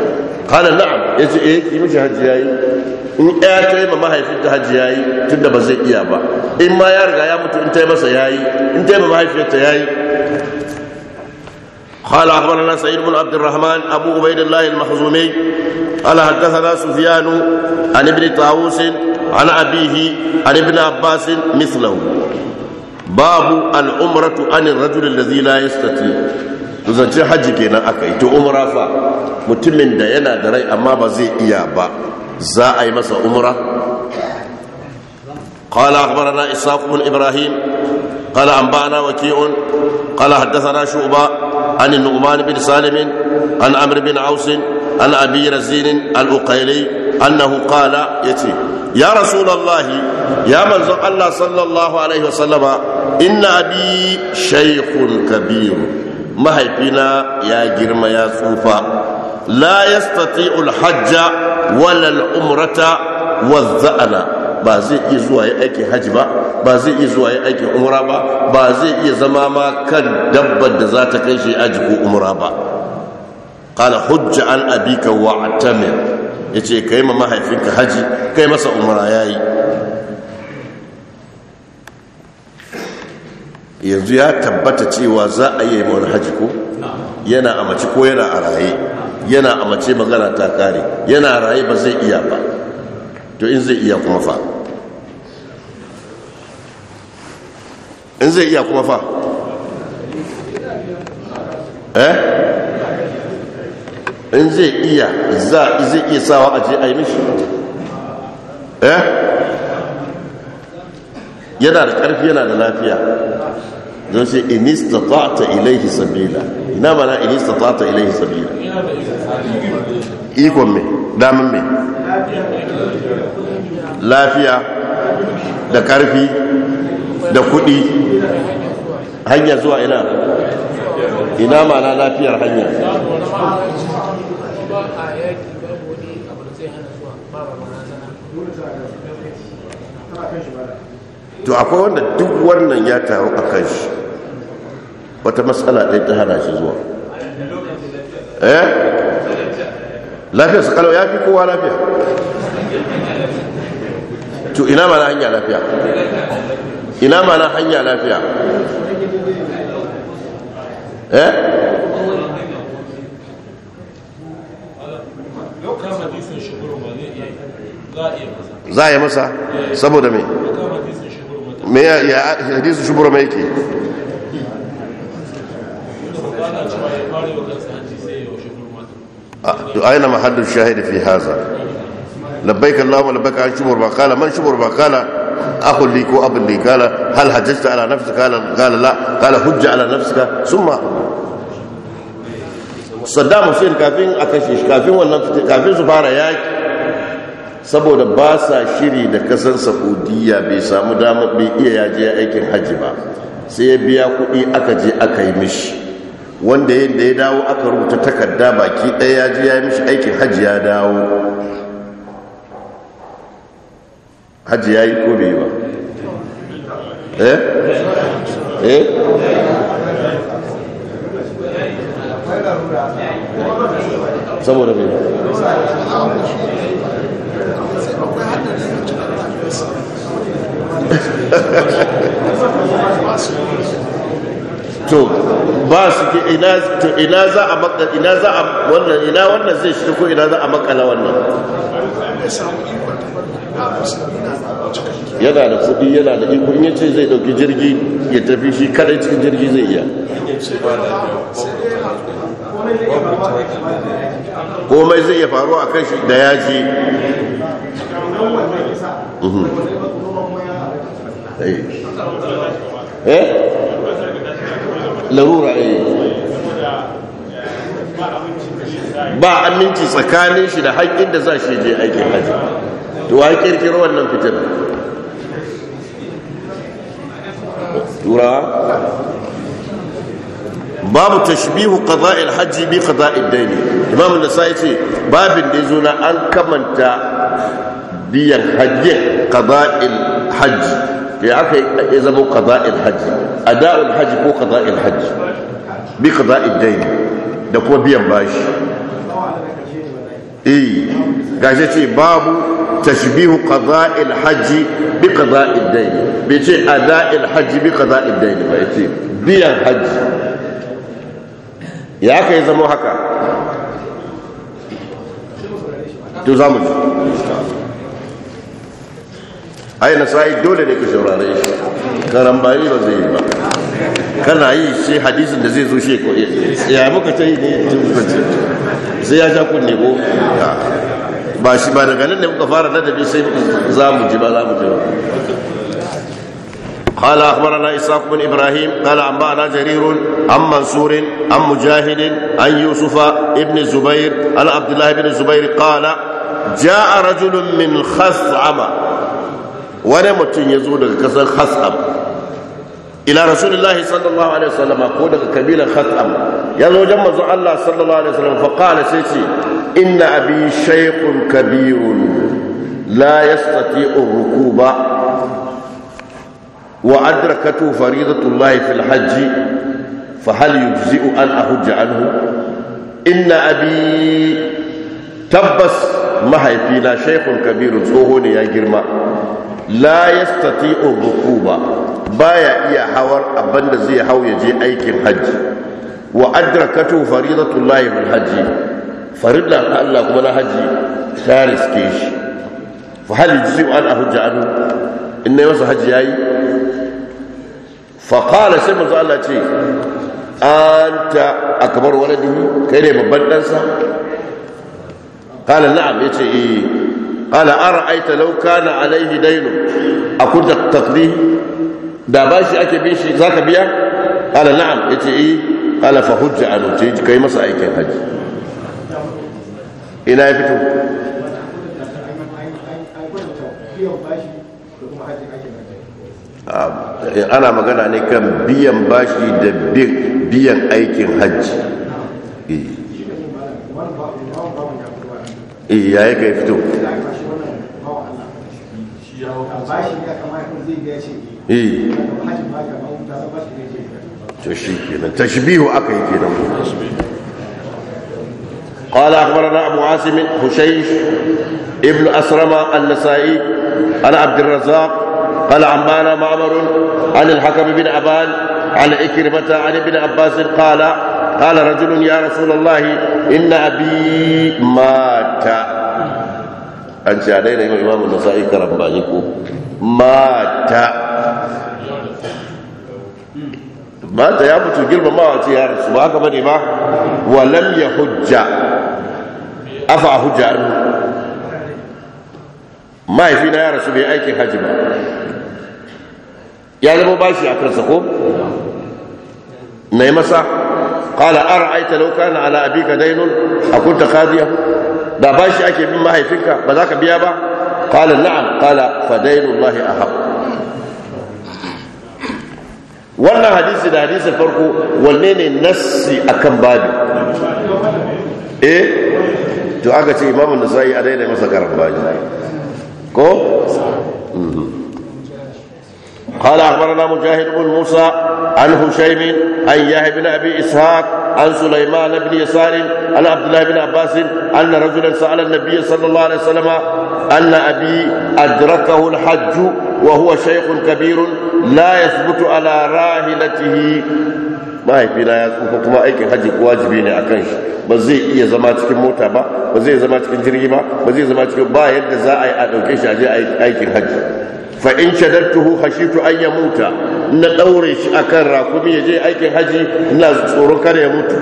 kala na'am ya ce eh yi hajji ya yi in ya ta yi ma mahaifin ta hajji ya yi ba zai iya ba in ma ya riga ya mutu in ta yi masa ya yi in ta yi ma mahaifiyarta ya yi قال اخبرنا سعيد بن عبد الرحمن ابو عبيد الله المخزومي قال حدثنا سفيان عن ابن طاووس عن ابيه عن ابن عباس مثله باب العمره عن الرجل الذي لا يستطيع to zance hajji kenan aka yi to umra fa mutumin da yana da rai amma ba zai iya ba za a yi masa umra قال أخبرنا إسحاق بن إبراهيم قال أنبأنا وكيع قال حدثنا شعبة عن النعمان بن سالم عن عمرو بن عوس عن أبي رزين الأقيلي أنه قال يتي يا رسول الله يا من الله صلى الله عليه وسلم إن أبي شيخ كبير mahaifina ya girma ya tsufa la yastati'ul hajja wala al-umrata waz-za'ana ba zai iya zuwa ya aikin hajji ba ba zai iya zuwa ya aikin umra ba ba zai iya zama ma kan dabbar da za ta kai shi aji ko umra ba qala hujja an abika wa atamir yace kai ma mahaifinka haji kai masa umra yayi yanzu ya tabbata cewa za a yi wani hajji ko yana a mace ko yana a raye yana a mace magana ta kare yana a raye ba zai iya ba to in zai iya kuma fa in zai iya kuma fa eh in zai iya za zai iya sawa a je a yi mishi eh yana da ƙarfi yana da lafiya don shi inista ta ilaihi sabila ina ba na inista ta ilaihi sabila ikon mai damin mai lafiya da karfi da kudi hanya zuwa ina ina ma na lafiyar hanya Thank you. to akwai wanda duk wannan ya taru a kan shi wata matsala ɗaya ta hana shi zuwa eh lafiya su kalau ya fi kowa lafiya to ina ma na hanya lafiya ina ma na hanya lafiya eh za a yi masa saboda mai me ya hadisu shubura mai ke ah, aina mahallin shahidi fi haza labbaik allahumma labbaik an shubur ba kala man shubur ba kala akhun li ko abin li kala hal hajjata ala nafsika kala kala la kala hujja ala nafsika summa saddam hussein kafin a kashe kafin wannan kafin su fara yaki saboda ba sa shiri da kasan saudiya bai samu damar bai iya yaje aikin hajji ba sai ya biya kuɗi aka je aka yi mishi wanda yin ya dawo aka rubuta takarda baki ɗaya ya je ya yi mishi aikin hajji ya dawo hajji ya yi ko bai ba eh? Eh? saboda mai to ba su ke ina za a makala ina za a wannan ina wannan zai shi ko ina za a makala wannan yana da kudi yana da iko in yace zai dauki jirgi ya tafi shi kadai cikin jirgi zai iya komai zai iya faruwa a kashi da ya ji mhm. eh larura eh ba aminci tsakanin shi da haƙƙin da za shi je aikin hajji to wa kirkiro wannan fitina turawa babu tashbihu qada'il hajji bi qada'id daini. imam an-nasa'i ce babin da yazo na an kamanta biyan hajji qada'il hajji ya aka ya zama qada'il hajji ada'ul hajji ko qada'il hajji bi qada'id daini. da kuma biyan bashi eh gashi ce babu tashbihu qada'il hajji bi qada'id dayn ce ada'il bi qada'id dayn ba yace biyan hajji ya kai zama haka to zamu ji ai nasai dole ne ku saurare shi ba zai yi ba kana yi shi hadisin da zai zo shi ko ya muka ta yi ne sai ya ja kunne ko ah. ba shi ba daga nan da muka fara ladabi sai za mu ji ba za mu ji ba قال أخبرنا إسحاق بن إبراهيم قال أنبأنا جرير عن منصور عن مجاهد عن يوسف ابن الزبير عن عبد الله بن الزبير قال جاء رجل من خثعم wani mutum ya zo daga kasar hasab ila rasulullahi sallallahu alaihi wasallam ko daga kabilan khatam ya wajen manzon Allah sallallahu alaihi wasallam fa qala sai ce inna abi shaykhun kabirun la yastati'u rukuba wa adrakatu faridatullahi fil hajj fa hal yujzi'u an ahujja anhu inna abi tabbas mahaifina shaykhun kabirun tsoho ne ya girma la yastati'u Ba baya iya hawar abinda zai hau ya je aikin hajji wa adrakatu faridatullahi bil hajji farilla ta Allah kuma na hajji ta riske shi fa hal yajzi'u an ahujja anhu inna yasa hajji yayi fa qala sai manzo Allah ce anta akbar waladihi kai ne babban dan sa qala na'am yace eh قال أرأيت لو كان عليه دين أكنت تقضيه da bashi ake bin shi za ka biya ala na'am ya ce yi ala fa hujja a nuce kai yi masa aikin hajji ina ya fito ana magana ne kan biyan bashi da biyan aikin hajji iya ya yi ka fito eh to shi kenan tashbihu aka yi kenan قال أخبرنا أبو عاصم هشيش ابن أسرم النسائي عن عبد الرزاق قال عمانا معمر عن الحكم بن أبان عن إكرمة عن ابن عباس قال قال رجل يا رسول الله إن أبي مات an ce a daina yi wa karam nasa'i yi ko mata mata ya mutu girmamawa wace ya rasu ba haka bane ba walam ya hujja afa a hujja an mahaifi na ya rasu bai aikin hajji ba ya zama bashi a karsa ko mai masa aita أرأيت لو كان على dainun a kunta kadiya? da bashi ake bin mahaifinka ba za ka biya ba qala na'am qala fadailullahi ahab wannan hadisi da farko wanne ne nassi akan babi? eh to aka ce imamu nasai a daidai masa karan babi. ko mhm. قال أخبرنا مجاهد بن موسى عن هشيم عن يحيى بن أبي إسحاق عن سليمان بن يسار عن عبد الله بن عباس أن رجلا سأل النبي صلى الله عليه وسلم أن أبي أدركه الحج وهو شيخ كبير لا يثبت على راحلته mahaifina ya tsufa kuma aikin hajji wajibi ne a kan shi ba zai iya zama cikin mota ba ba zai zama cikin jirgi ba ba zai zama cikin ba yadda za a yi a ɗauke shi a je aikin hajji fa in shadartuhu khashitu an yamuta na daure shi akan rakumi ya je aikin haji ina tsoron kada ya mutu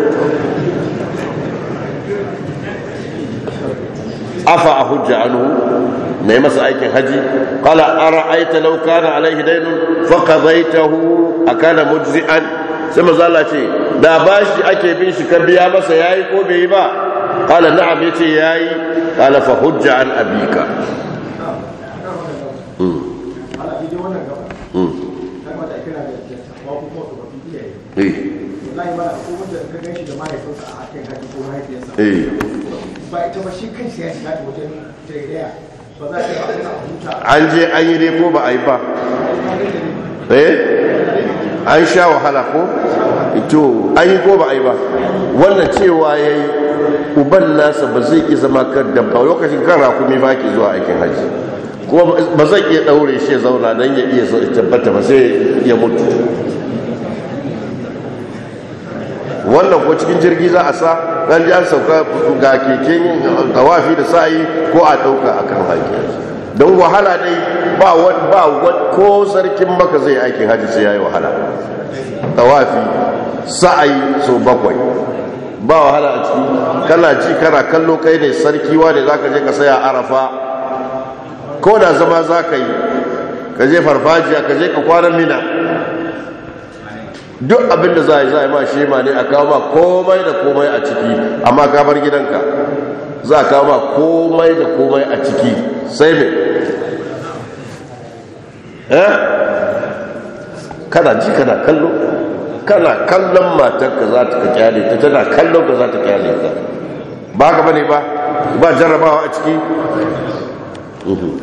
afa a hujja anhu na yi masa aikin haji kala an ra'aita lauka kana alaihi dainun fa qadaitahu akana mujzi'an sai manzo ce da bashi ake bin shi ka biya masa yayi ko bai yi ba kala na'am yace yayi kala fa hujja an abika hmm. Eh. Eh. an je an yi ne ko ba a yi ba eh? an sha wahala ko ito an yi ko ba a yi ba wannan cewa ya yi uban nasa ba zai ki zama kan dabba lokacin kan rakumi ba ki zuwa aikin haji kuma ba zai iya daure shi zauna don ya iya tabbata ba sai ya mutu wannan ko cikin jirgi za a sa ɗan an sauka ga keken tawafi da sa'ayi ko a ɗauka a kan haƙi don wahala dai ba ba ko sarkin maka zai aikin hajji sai ya yi wahala tawafi sa'ayi so bakwai ba wahala a ciki kana ci kana kallo kai ne sarki wa ne za ka je ka saya arafa ko da zama za ka yi ka je farfajiya ka je ka kwana mina duk abin da za a yi za a yi ma ma ne a kawo ma komai da komai a ciki amma ka bar gidanka za a kawo ma komai da komai a ciki sai mai eh kana ji kana kallo kana kallon ka za ta kyale ta tana kallon ka za ta kyale ka ba ka bane ba ba jarrabawa a ciki mhm.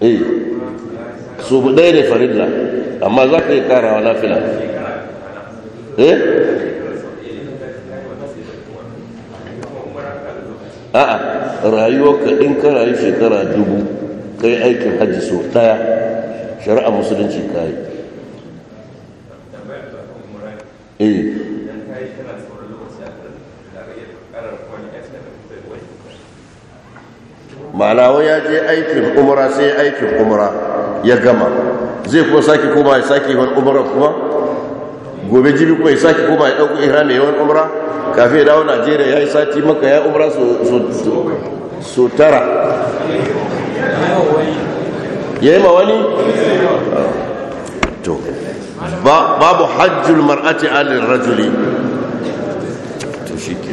eh su ɗaya ne farilla amma za ka yi karawa na fila eh a'a rayuwa ka in ka rayu shekara dubu ka yi aikin hajji so ɗaya shari'a musulunci ka yi eh ma'ana wani ya je aikin umara sai aikin umara ya gama zai kuma sake ko ba ya sake wani umara kuma gobe jibi kuma ya sake ko ba ya ɗauko ihra mai yawan umara kafin ya dawo najeriya ya yi sati maka ya umara so tara ya yi ma wani to babu hajjul mar'ati alin rajuli to shi ke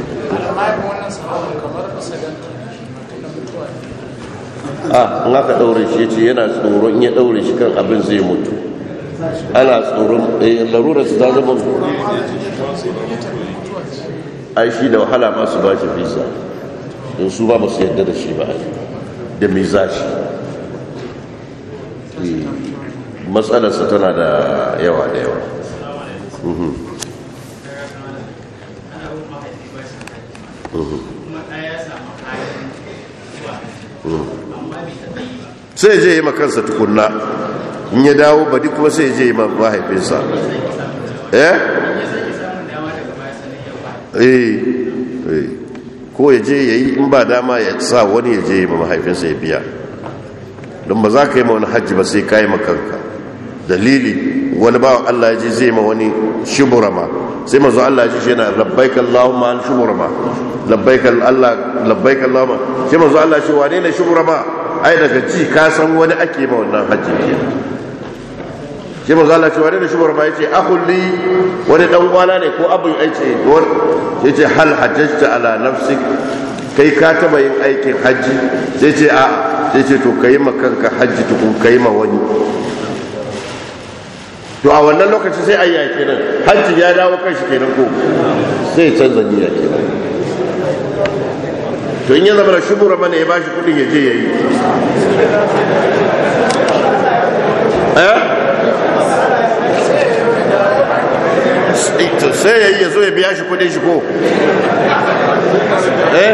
a ah, in aka daure shi yace yana tsoron ya daure shi kan abin zai mutu ana tsoron eh larura su ta zama ai shi da wahala ma su ba shi visa don su ba su yadda da shi ba da mai za shi eh, matsalarsa tana da yawa da yawa mhm. Mhm. sai je yi makansa tukunna in ya dawo badi kuma sai je yi mahaifinsa eh? eh eh ko ya je ya yi in ba dama ya sa wani ya je yi mahaifinsa ya biya don ba za ka yi ma wani hajji ba sai ka yi makanka dalili wani bawan Allah ya je zai ma wani shuburama sai manzo Allah ya ce shi na labbaik Allahumma an shuburama labbaik Allah labbaik Allahumma sai manzo Allah ya ce wane ne shuburama ai daga ci ka san wani ake ma wannan hajji ke sai manzo Allah ya ce wane ne shuburama yace akhulli wani dan uwana ne ko abin aice yace hal hajjajta ala nafsik kai ka taba yin aikin hajji sai ce a sai ce to kai ma kanka hajji tukun kai ma wani to a wannan lokaci sai ayya kenan hajji ya dawo kan shi kenan ko sai canza niyya kenan to in ya zama da shubura mana ya bashi kudin ya je ya yi eh? Eh, sai ya yi ya zo ya biya shi kudin shi ko eh